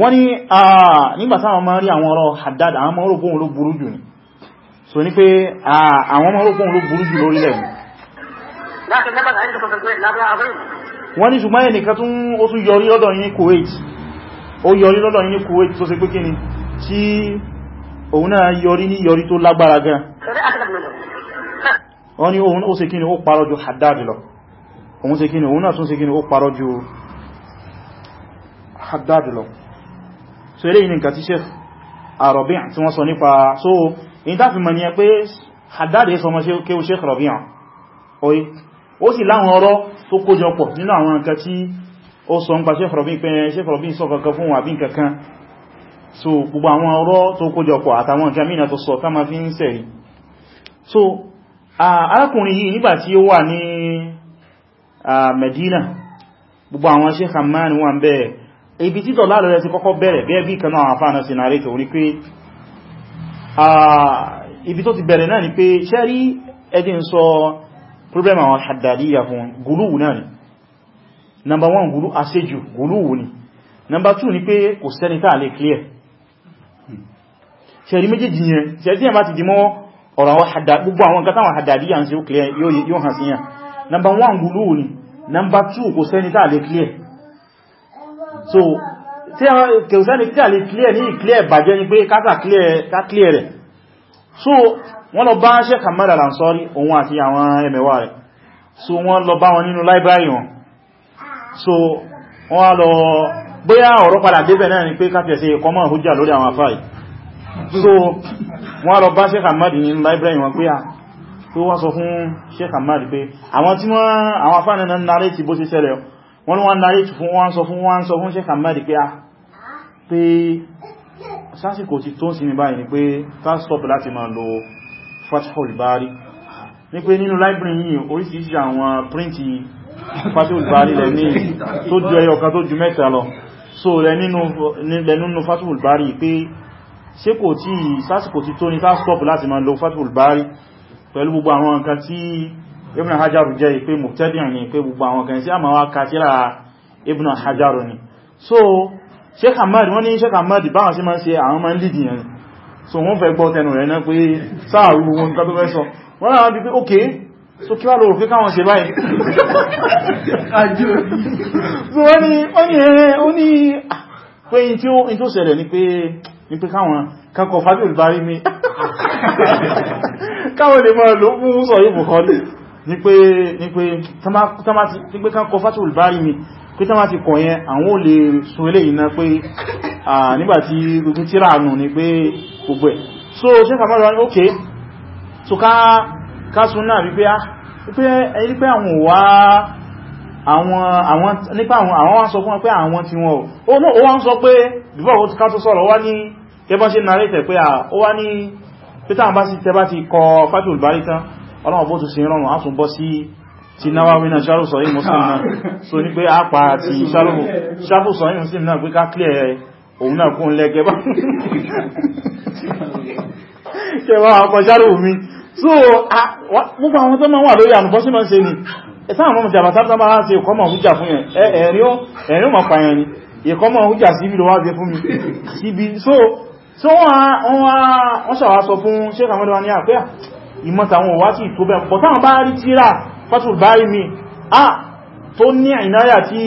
wọ́n ni nígbàtá àwọn máa rí àwọn ọ̀rọ̀ Haddad àwọn ọmọ orògbóhun ló burú jù ni so ní pé àwọn ọmọ olókùn ló burú jù lórí lẹ́nu wọ́n ní ṣùgbọ́n ẹnìkan tún ó tún yọrí lọ́dọ̀ yín ní Kuwait ó yọrí lọ́dọ̀ yín ní Kuwait tó se pé kíni tí òun náà yọrí ní yọrí tó lágbára gan wọ́n ní òun ó ṣe kíni ó parọ́ ju Haddad lọ òun ṣe kíni òun náà tún ṣe kíni ó parọ́ ju Haddad lọ so eléyìí ni nǹkan tí Arabi' tí wọ́n sọ so in ta fi mọ̀ ní ẹ pé Haddad sọmọ kéwú Sheikh Rabi'a oye ó sì láwọn ọ̀rọ̀ tó kójọpọ̀ nínú àwọn nǹkan tí ó sọ ń pa Sheikh Rabi'a pé so gbogbo àwọn ọ̀rọ̀ tó kójọpọ̀ àtàwọn nǹkan mìíràn tó sọ ká so arákùnrin yìí nígbà tí ó wà ní Medina gbogbo àwọn Sheikh Hamman wà ń bẹ̀rẹ̀ ibi títọ̀ láàrẹ̀ ti kọ́kọ́ bẹ̀rẹ̀ bẹ́ẹ̀ bí kanáà àfáànà sinarẹ́tò ní pé Ah, ibi tó ti bẹ̀rẹ̀ náà ni pé ṣẹ́rí ẹdí ń sọ problem àwọn haddadiyya fún gúlúwù náà ni number one gúlú aṣejù gúlúwù ni number two ni pé kò sẹ́ni tàà lè clear ṣẹ́rí méjèèjì yẹn ṣẹ́rí yẹn bá ti dìmọ́ ọ̀rọ̀ gbogbo àwọn nǹkan táwọn haddadiyya ń ṣe ó clear yóò hàn sí yẹn number one gúlúwù ni number two kò sẹ́ni tàà lè clear so tí àwọn kèrùsẹ́ni tí a lè clear ní ìclear bàjẹ́ ní pé káta clear rẹ̀ so wọ́n lọ bá Sheikh Ahmad Al-Ansari òun àti àwọn ẹmẹ̀wà rẹ̀ so wọ́n lọ bá wọn nínú library wọn so wọ́n lọ bóyá ọ̀rọ̀ padà débẹ̀ náà ni pé káfẹ́ wọ́n ní wọ́n lárí fún wọ́n sọ fún wọ́n sọ fún Sheikh Ahmad pé a ah, pé sásìkò ti tó sí ní báyìí ni pé ká stop láti máa lo Fathul Bari ní pé nínú library yìí oríṣiríṣi àwọn príntì Fathul Bari lẹ ní tó ju ẹyọ kan tó ju mẹ́ta lọ so lẹ nínú Fathul Bari pé ṣé kò tí sásìkò ti tó ní ká stop láti máa lo Fathul Bari pẹ̀lú gbogbo àwọn nǹkan tí ibn hajar jẹ́ ìpé mubtadi' ní ìpé gbogbo àwọn kan sí àmà wá kàtíra ibn ni so sheikh ahmad wọ́n ní sheikh ahmad báwọn sí ma ń ṣe àwọn ma ń lìdì so wọ́n fẹ́ gbọ́ tẹnu rẹ̀ náà pé sáàrù so kí wá lóòrò pé káwọn ṣe báyìí so lè máa lò fún sọ yìí bùkọ́lì ní pé kan kọ fátòlù bá rí mi pé tán bá ti kọ̀ yẹn àwọn ò lè sun ilé ìná pé nígbàtí gbogbo tíra ànù ni pé gbogbo ẹ̀ so ṣe kàmọ́lù wá so ká sun náà wípé ah, ẹni pé àwọn wá àwọn nípa àwọn wá sọ fún pé àwọn tí wọn ò ó wá ń sọ pé before ó ti ká tó sọ̀rọ̀ wá ní ẹbọ́n ṣe narrate pé ó wá ní pé táwọn bá ti tẹ bá ti kọ fátòlù bá rí tán ọlọ́wọ́ bó tún sí rọrùn á tún bọ́ sí ti náwàwí náà ṣàrù yìí muslim náà so ní pé àpá àti ṣàrù sọ yìí muslim náà pé ká clear òun náà kún lẹ́gẹ́ bá kẹwàá so gbogbo àwọn tó máa wà lórí ànùbọ́sí máa ń ṣe ni ẹ̀sáwọn ọmọ jàbá sábà máa ṣe ìkọmọ̀ hújà fún ẹ̀rin ó máa pààyàn ni ìkọmọ̀ hújà síbi lọ wá gbé fún mi síbi so wọ́n ìmọ̀tàwọn wá sí ìtò bẹ́ẹ̀ pọ̀tàwọn bá rí tíra fatul bari mi a tó ní ìnáyà tí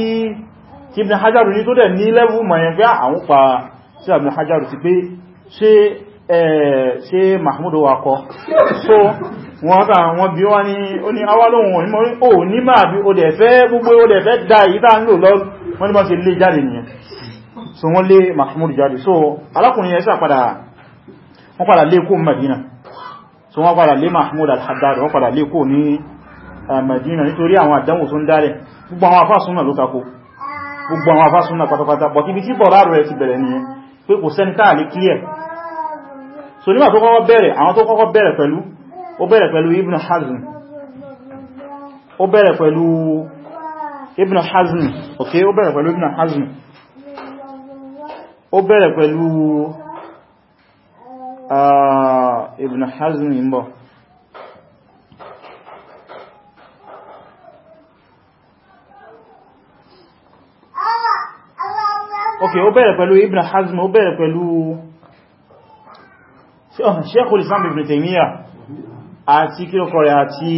ibn hajjaru ní tó dẹ̀ ní lẹ́wù mọ̀yẹ̀fẹ́ àwọn pa sí ibn hajjaru ti pé ṣe mahmudu wa so wọ́n ká wọ́n bí wá ní ó ní awálóhun ò ní máa bí ó dẹ̀ wọ́n ní so wọ́n lé mahmudu jáde so alákùnrin yẹn sà padà wọ́n padà lé kó Madina so wọ́n padà lé mahmoud al-haddad wọ́n padà lé kò ní eh, madina nítorí àwọn àdánwò tó ń dálẹ̀ gbogbo àwọn afá súnà ló takò gbogbo àwọn afá súnà pátápátá but ibi tí bọ̀rá rẹ̀ ti bẹ̀rẹ̀ nìyẹn pé kò sẹ́ni táà lè clear so nígbà tó kọ́kọ́ ibn hazm ń bọ̀ ok ó bẹ̀rẹ̀ pẹ̀lú ibn hazm ó bẹ̀rẹ̀ pẹ̀lú sheikhul islam ibn taymiyyah àti kílòkọrẹ̀ àti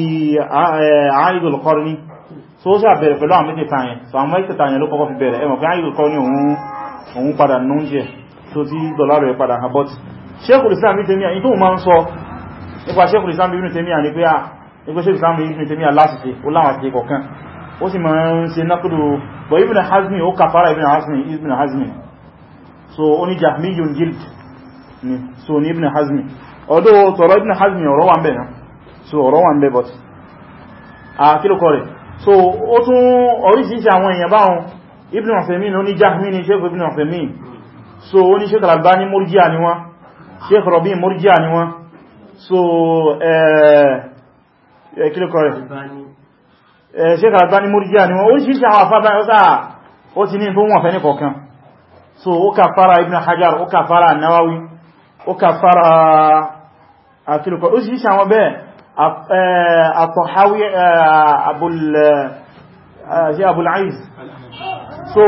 àìdùl qarni so ó sàbẹ̀rẹ̀ pẹ̀lú àwọn mẹ́tẹ̀ta yẹn so àwọn mẹ́tẹ̀ta yẹn ló kọ́kọ́ fi bẹ̀rẹ̀ ẹmọ̀ pé àìdùl qarni òun padà nún jẹ́ tó tí dọ̀lárẹ̀ padà habọ́tì Sheikhul Islam Ibn Taymiyyah tó ma ń sọ nípa Sheikhul Islam Ibn Taymiyyah ni pé à ah, nípa Sheikhul Islam Ibn Taymiyyah lásìkò ó láwọn àti kọ̀kan ó sì ma ń ṣe nákùdù bọ̀ Ibn Hazmi ó kàfàrà Ibn Hazmi Ibn Hazmi so ó ní Jahmiyun Gild ni so ní Ibn Hazmi ọdọ́ tọ̀rọ Ibn Hazmi ọ̀rọ̀ wà ń bẹ̀ náà so ọ̀rọ̀ wà ń bẹ̀ but a ah, kílùkọ rẹ̀ so ó tún oríṣiríṣi àwọn èèyàn báwọn Ibn Uthaymeen ó Jahmi ni Sheikh Ibn Uthaymeen so ó ní Sheikh Al-Albani Murji'a ni sheikh Rabi Murji'a ni wọ́n so eh, eh, kílùkọ́ rẹ̀ eh, sheikh Albani Murji'a ni wọ́n oríṣìíṣẹ́ àwọn afábá ọ́sá ó ti ní fún wọn fẹ́ ní kọ̀ọ̀kan so ó kà fara Ibn Hajar ó kà fara Nawawi ó kà fara kílùkọ́ oríṣìíṣẹ́ àwọn bẹ́ẹ̀ àtọ̀háwí Abul Aiz so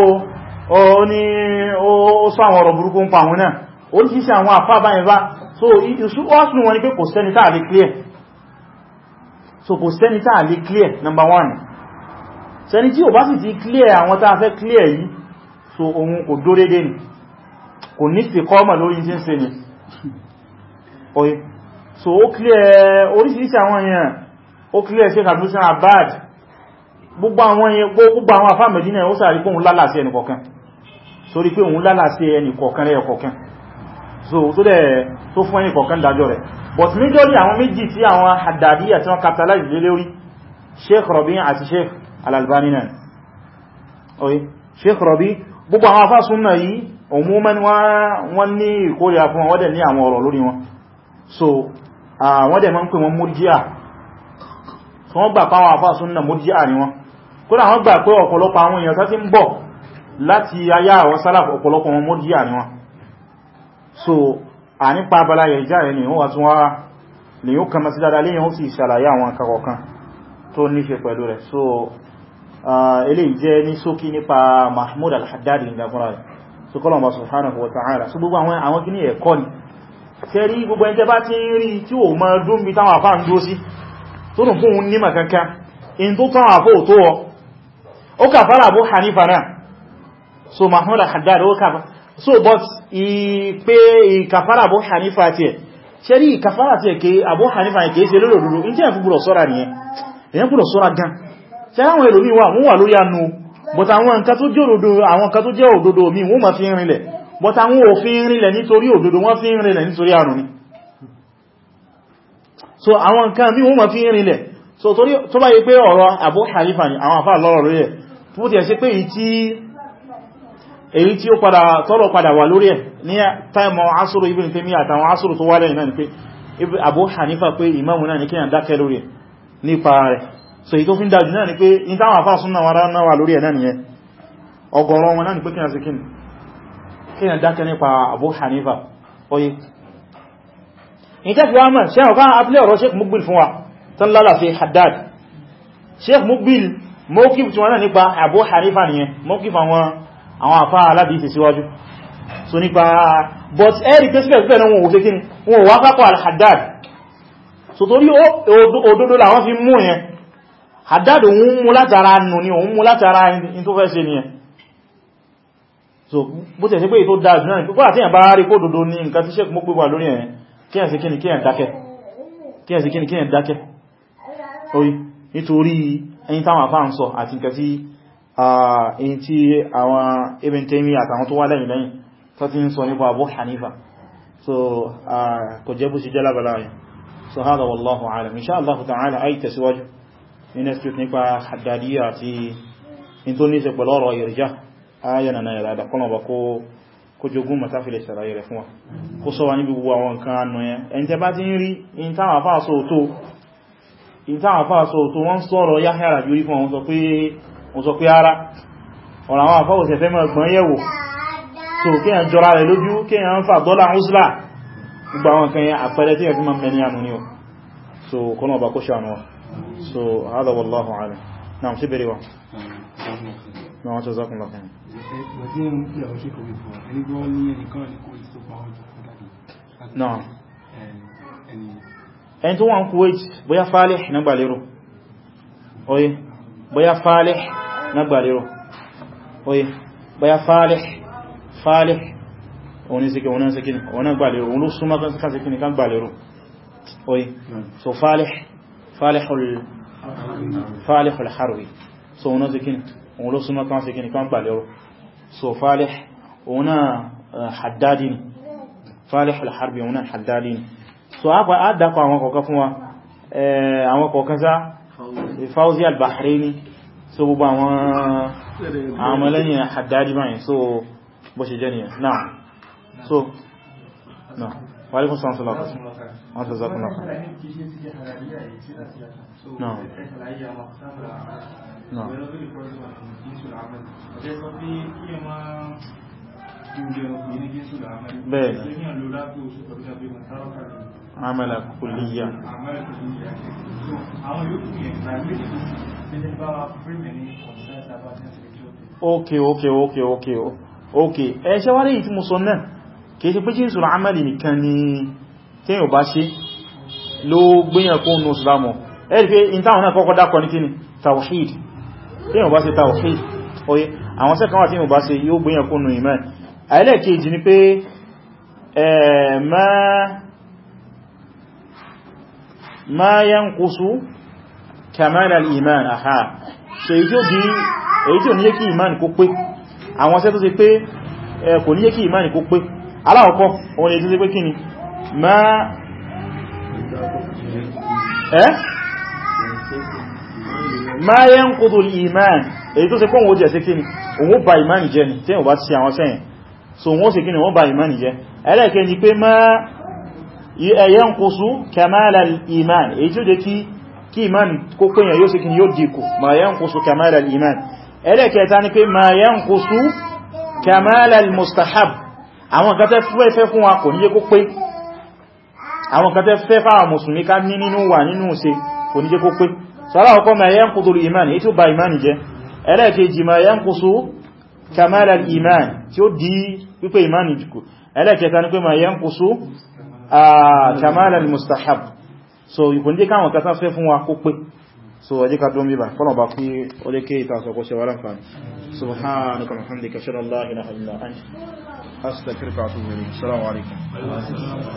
ó ní ó sọ àwọn ọ̀rọ̀ burúkú ń pa náà oríṣiríṣi àwọn àfá báyìí bá so ọ́sùn wọn ni pé kò sẹ́ni táà clear so kò sẹ́ni táà clear number one sẹ́ni tí ò bá sì ti clear àwọn táà fẹ́ clear yìí so ohun kò dó dédé ni kò ní sí kọ́mọ̀ lórí tí ń ṣe ni oye so ó clear oríṣiríṣi àwọn èèyàn ó clear ṣe kàbíṣẹ́ àbáàdì gbogbo àwọn èèyàn gbogbo àwọn àfá mẹ́dínà ó sàrí pé òun lálàsí ẹnìkọ̀ọ̀kan sorí pé so tó dẹ̀ tó fún ẹni kọ̀ọ̀kan dájọ́ rẹ̀ but majorly àwọn méjì tí àwọn Haddadiyya tí wọ́n capitalize lé lórí Sheikh Rabi àti Sheikh al náà oye Sheikh Rabi gbogbo àwọn afá súnnà yìí òmúmẹ́ni wọ́n ní ìkórìíra fún wọ́n dẹ̀ ní àwọn ọ̀rọ̀ lórí wọn so wọ́n dẹ̀ máa ń pè wọ́n gbà so a nípa abala yẹ̀já rẹ̀ lèyàn wà tún wá lèyàn kan masu dada lèyàn ó sì ṣàlàyé àwọn akọ̀kọ̀kan tó níṣe pẹ̀lú rẹ̀ so eléyìí jẹ́ ní ṣókí nípa Mahmud al-Haddad ìgbàfúnra so kọ́lọ̀ bá subhanahu wa ta'ala so gbogbo àwọn àwọn kí ní ẹ̀kọ́ ni tẹ́ rí gbogbo ẹjẹ́ bá ti ń rí tí ó mọ́ dún bí táwọn àfáà ń so Mahmud al-Haddad ó kà so but ìpé ìkàfàrà Abu Hanifa àti ẹ̀ ṣe rí ìkàfàrà àti ẹ̀kẹ́ Abu Hanifa ẹ̀kẹ́ ṣe lórí òdúró ní jẹ́ ìfúgbùrọ̀ sọ́ra nìyẹn èyàn gbùrọ̀ sọ́ra gan ṣe àwọn ẹlòmí wà wọ́n wà lórí anú but àwọn nǹkan tó jẹ́ òdodo àwọn nǹkan tó jẹ́ òdodo mi wọ́n ma fi ń rinlẹ̀ but àwọn ò fi ń rinlẹ̀ nítorí òdodo wọ́n fi ń rinlẹ̀ nítorí àrùn ni so àwọn nǹkan mi wọ́n ma fi ń rinlẹ̀ so tó bá yẹ pé ọ̀rọ̀ Abu Hanifa ni àwọn àfáà lọ́rọ̀ lórí ẹ̀ tó ti ẹ̀ ṣe pé ìtí èyí tí ó padà tọ́lọ̀ padà wà lórí ẹ̀ ní táìmọ̀ asúrù Ibn Taymiyyah àtàwọn asúrù tó wálẹ̀ náà ni pé Abu Hanifa pé ìmáàmù náà ní kí yàn dákẹ́ lórí ẹ̀ nípa rẹ̀ so èyí tó fi ń dájú náà ni pé ní táwọn afá súnnà wà náà wà lórí ẹ̀ náà nìyẹn ọgọ̀rọ̀ wọn náà ni pé kí yàn sí kíni kí yàn dákẹ́ nípa Abu Hanifa oye ní àwọn àfá alábìíṣẹ́ síwájú so nípa but eric pẹ́sílẹ̀ náà wọn ò fẹ́ kíni wọn ò wá pápọ̀ al-haddad so torí òdodo làwọn fi mú yẹn haddad òun mú látara nù ni òun mú látara in tó fẹ́ ṣe ni yẹn so bó tẹ̀ sí pé ètò dáa jù náà pípọ́ àti ìyàmbá rí kó dodo ní nǹkan tí in tí àwọn Ibn Taymiyyah àtàwọn tó wá lẹ́yìn lẹ́yìn tó ti ń sọ nípa Abu Hanifa so kò jẹ́ bú sí jẹ́ lábàlá yìí so hada wallahu alam insha Allah ta'ala ayi tẹ̀síwájú ní next week nípa Haddadiyya àti in tó ní ṣe pẹ̀lú ọ̀rọ̀ ìrìjá ayana na yàrá kọ́nà ba kó jogún matafilẹ̀ sàrayẹ̀ rẹ̀ fún wa kó sọ wa níbi gbogbo àwọn nǹkan annú yẹn ẹni tẹ bá ti ń rí mo sọ pé ara ọ̀rọ̀ àwọn àfọ́wọ̀sẹ̀ fẹ́ mọ́ ọgbọ̀n yẹ̀wò so kí ẹ̀ jọra rẹ̀ lójú kí ẹ̀ ń fà dọ́là húsùlà gbogbo àwọn kan yẹn àpẹẹrẹ tí ẹ̀ fi máa mẹ́ni ànú ni ó so kọ́nà ọba kó ṣàánú wa so hada wallahu alam náà sí bèèrè wa náà wọ́n tó zákun lọ́kàn ẹni tó wọ́n Kuwait bóyá Falih nígbà lérò bóyá falih nagbàlérò oye bóyá falih falih òní síkẹ̀ òní síkẹ̀ òní gbàlérò òun ló súnmọ́ kásìkẹ̀ kan gbàlérò oye so falih falihul falihul harbi so òun síkẹ̀ òun ló súnmọ́ kásìkẹ̀ kan gbàlérò so falih òun haddadi ni falihul harbi òun haddadi ni so a dákọ̀ àwọn kọ̀ọ̀kan fún wa àwọn kọ̀ọ̀kan Fawzi al-Bahraini so gbogbo àwọn àmọ́lẹ́yìn Haddad báyìí so bó ṣe jẹ́ nìyàn náà so náà wà ní fún sọ́nà sọ́lọ́kà wọ́n tó zọ́kùn lọ́kà náà bẹ́ẹ̀ amala kulliya okay okay okay okay okay ẹ ṣe wá rí ìtí mo sọ náà kìí ṣe pé jí ìṣòro amali nìkan ni téèyàn bá ṣe ló gbéyàn kó nù ìsìlámù ẹ̀rí pé in táwọn náà kọ́kọ́ dákọ̀ ní kíni tawhid téèyàn bá ṣe tawhid oye àwọn sẹ́kàn wà téèyàn bá ṣe yóò gbéyàn kó nù ìmẹ́ àìlẹ́kejì ni pé ẹ̀ẹ̀mẹ́ ma yanqusu kamal al-iman aha so èyí tí ò ní yé kí iman kó pé àwọn ṣe tó ṣe pé kò ní kí iman kó pé aláwọ̀kọ́ òun lè tó ṣe pé kí ni ma ẹ́ ma yanqudu al-iman èyí tó ṣe pé òun ó jẹ́ sí kí ni òun ó iman jẹ́ ni tí wọ́n bá ti ṣe àwọn sẹ́yìn so wọ́n ó ṣe kí ni wọ́n ba iman jẹ́ ẹlẹ́ẹ̀kẹ́ ni pé máa yanqusu kamal al-iman èyí tí ó jẹ́ kí kí iman kó pèyàn yóò sí kí yóò díkù ma yanqusu kamal al-iman ẹlẹ́kẹta ni pé ma yanqusu kamal al-mustahab àwọn kan tẹ́ fẹ́ fún wa kò ní jẹ́ kó pé àwọn kan tẹ́ fẹ́ fáwọn mùsùlùmí ká ní nínú wà nínú se kò ní kó pé sọ́lá al-iman èyí tí ó ba iman jẹ́ ẹlẹ́kẹjì ma ni pé ma yanqusu kamal ah, al-mustahab so kò ní káwọn kasa fẹ́ fún wa kó pé so ọjẹ́ ká dún bíbà fọ́nà bá kí ọjẹ́ kí ìta sọ kó ṣe wárán fa subhanaka alhamdika shirallah ilaha illa anta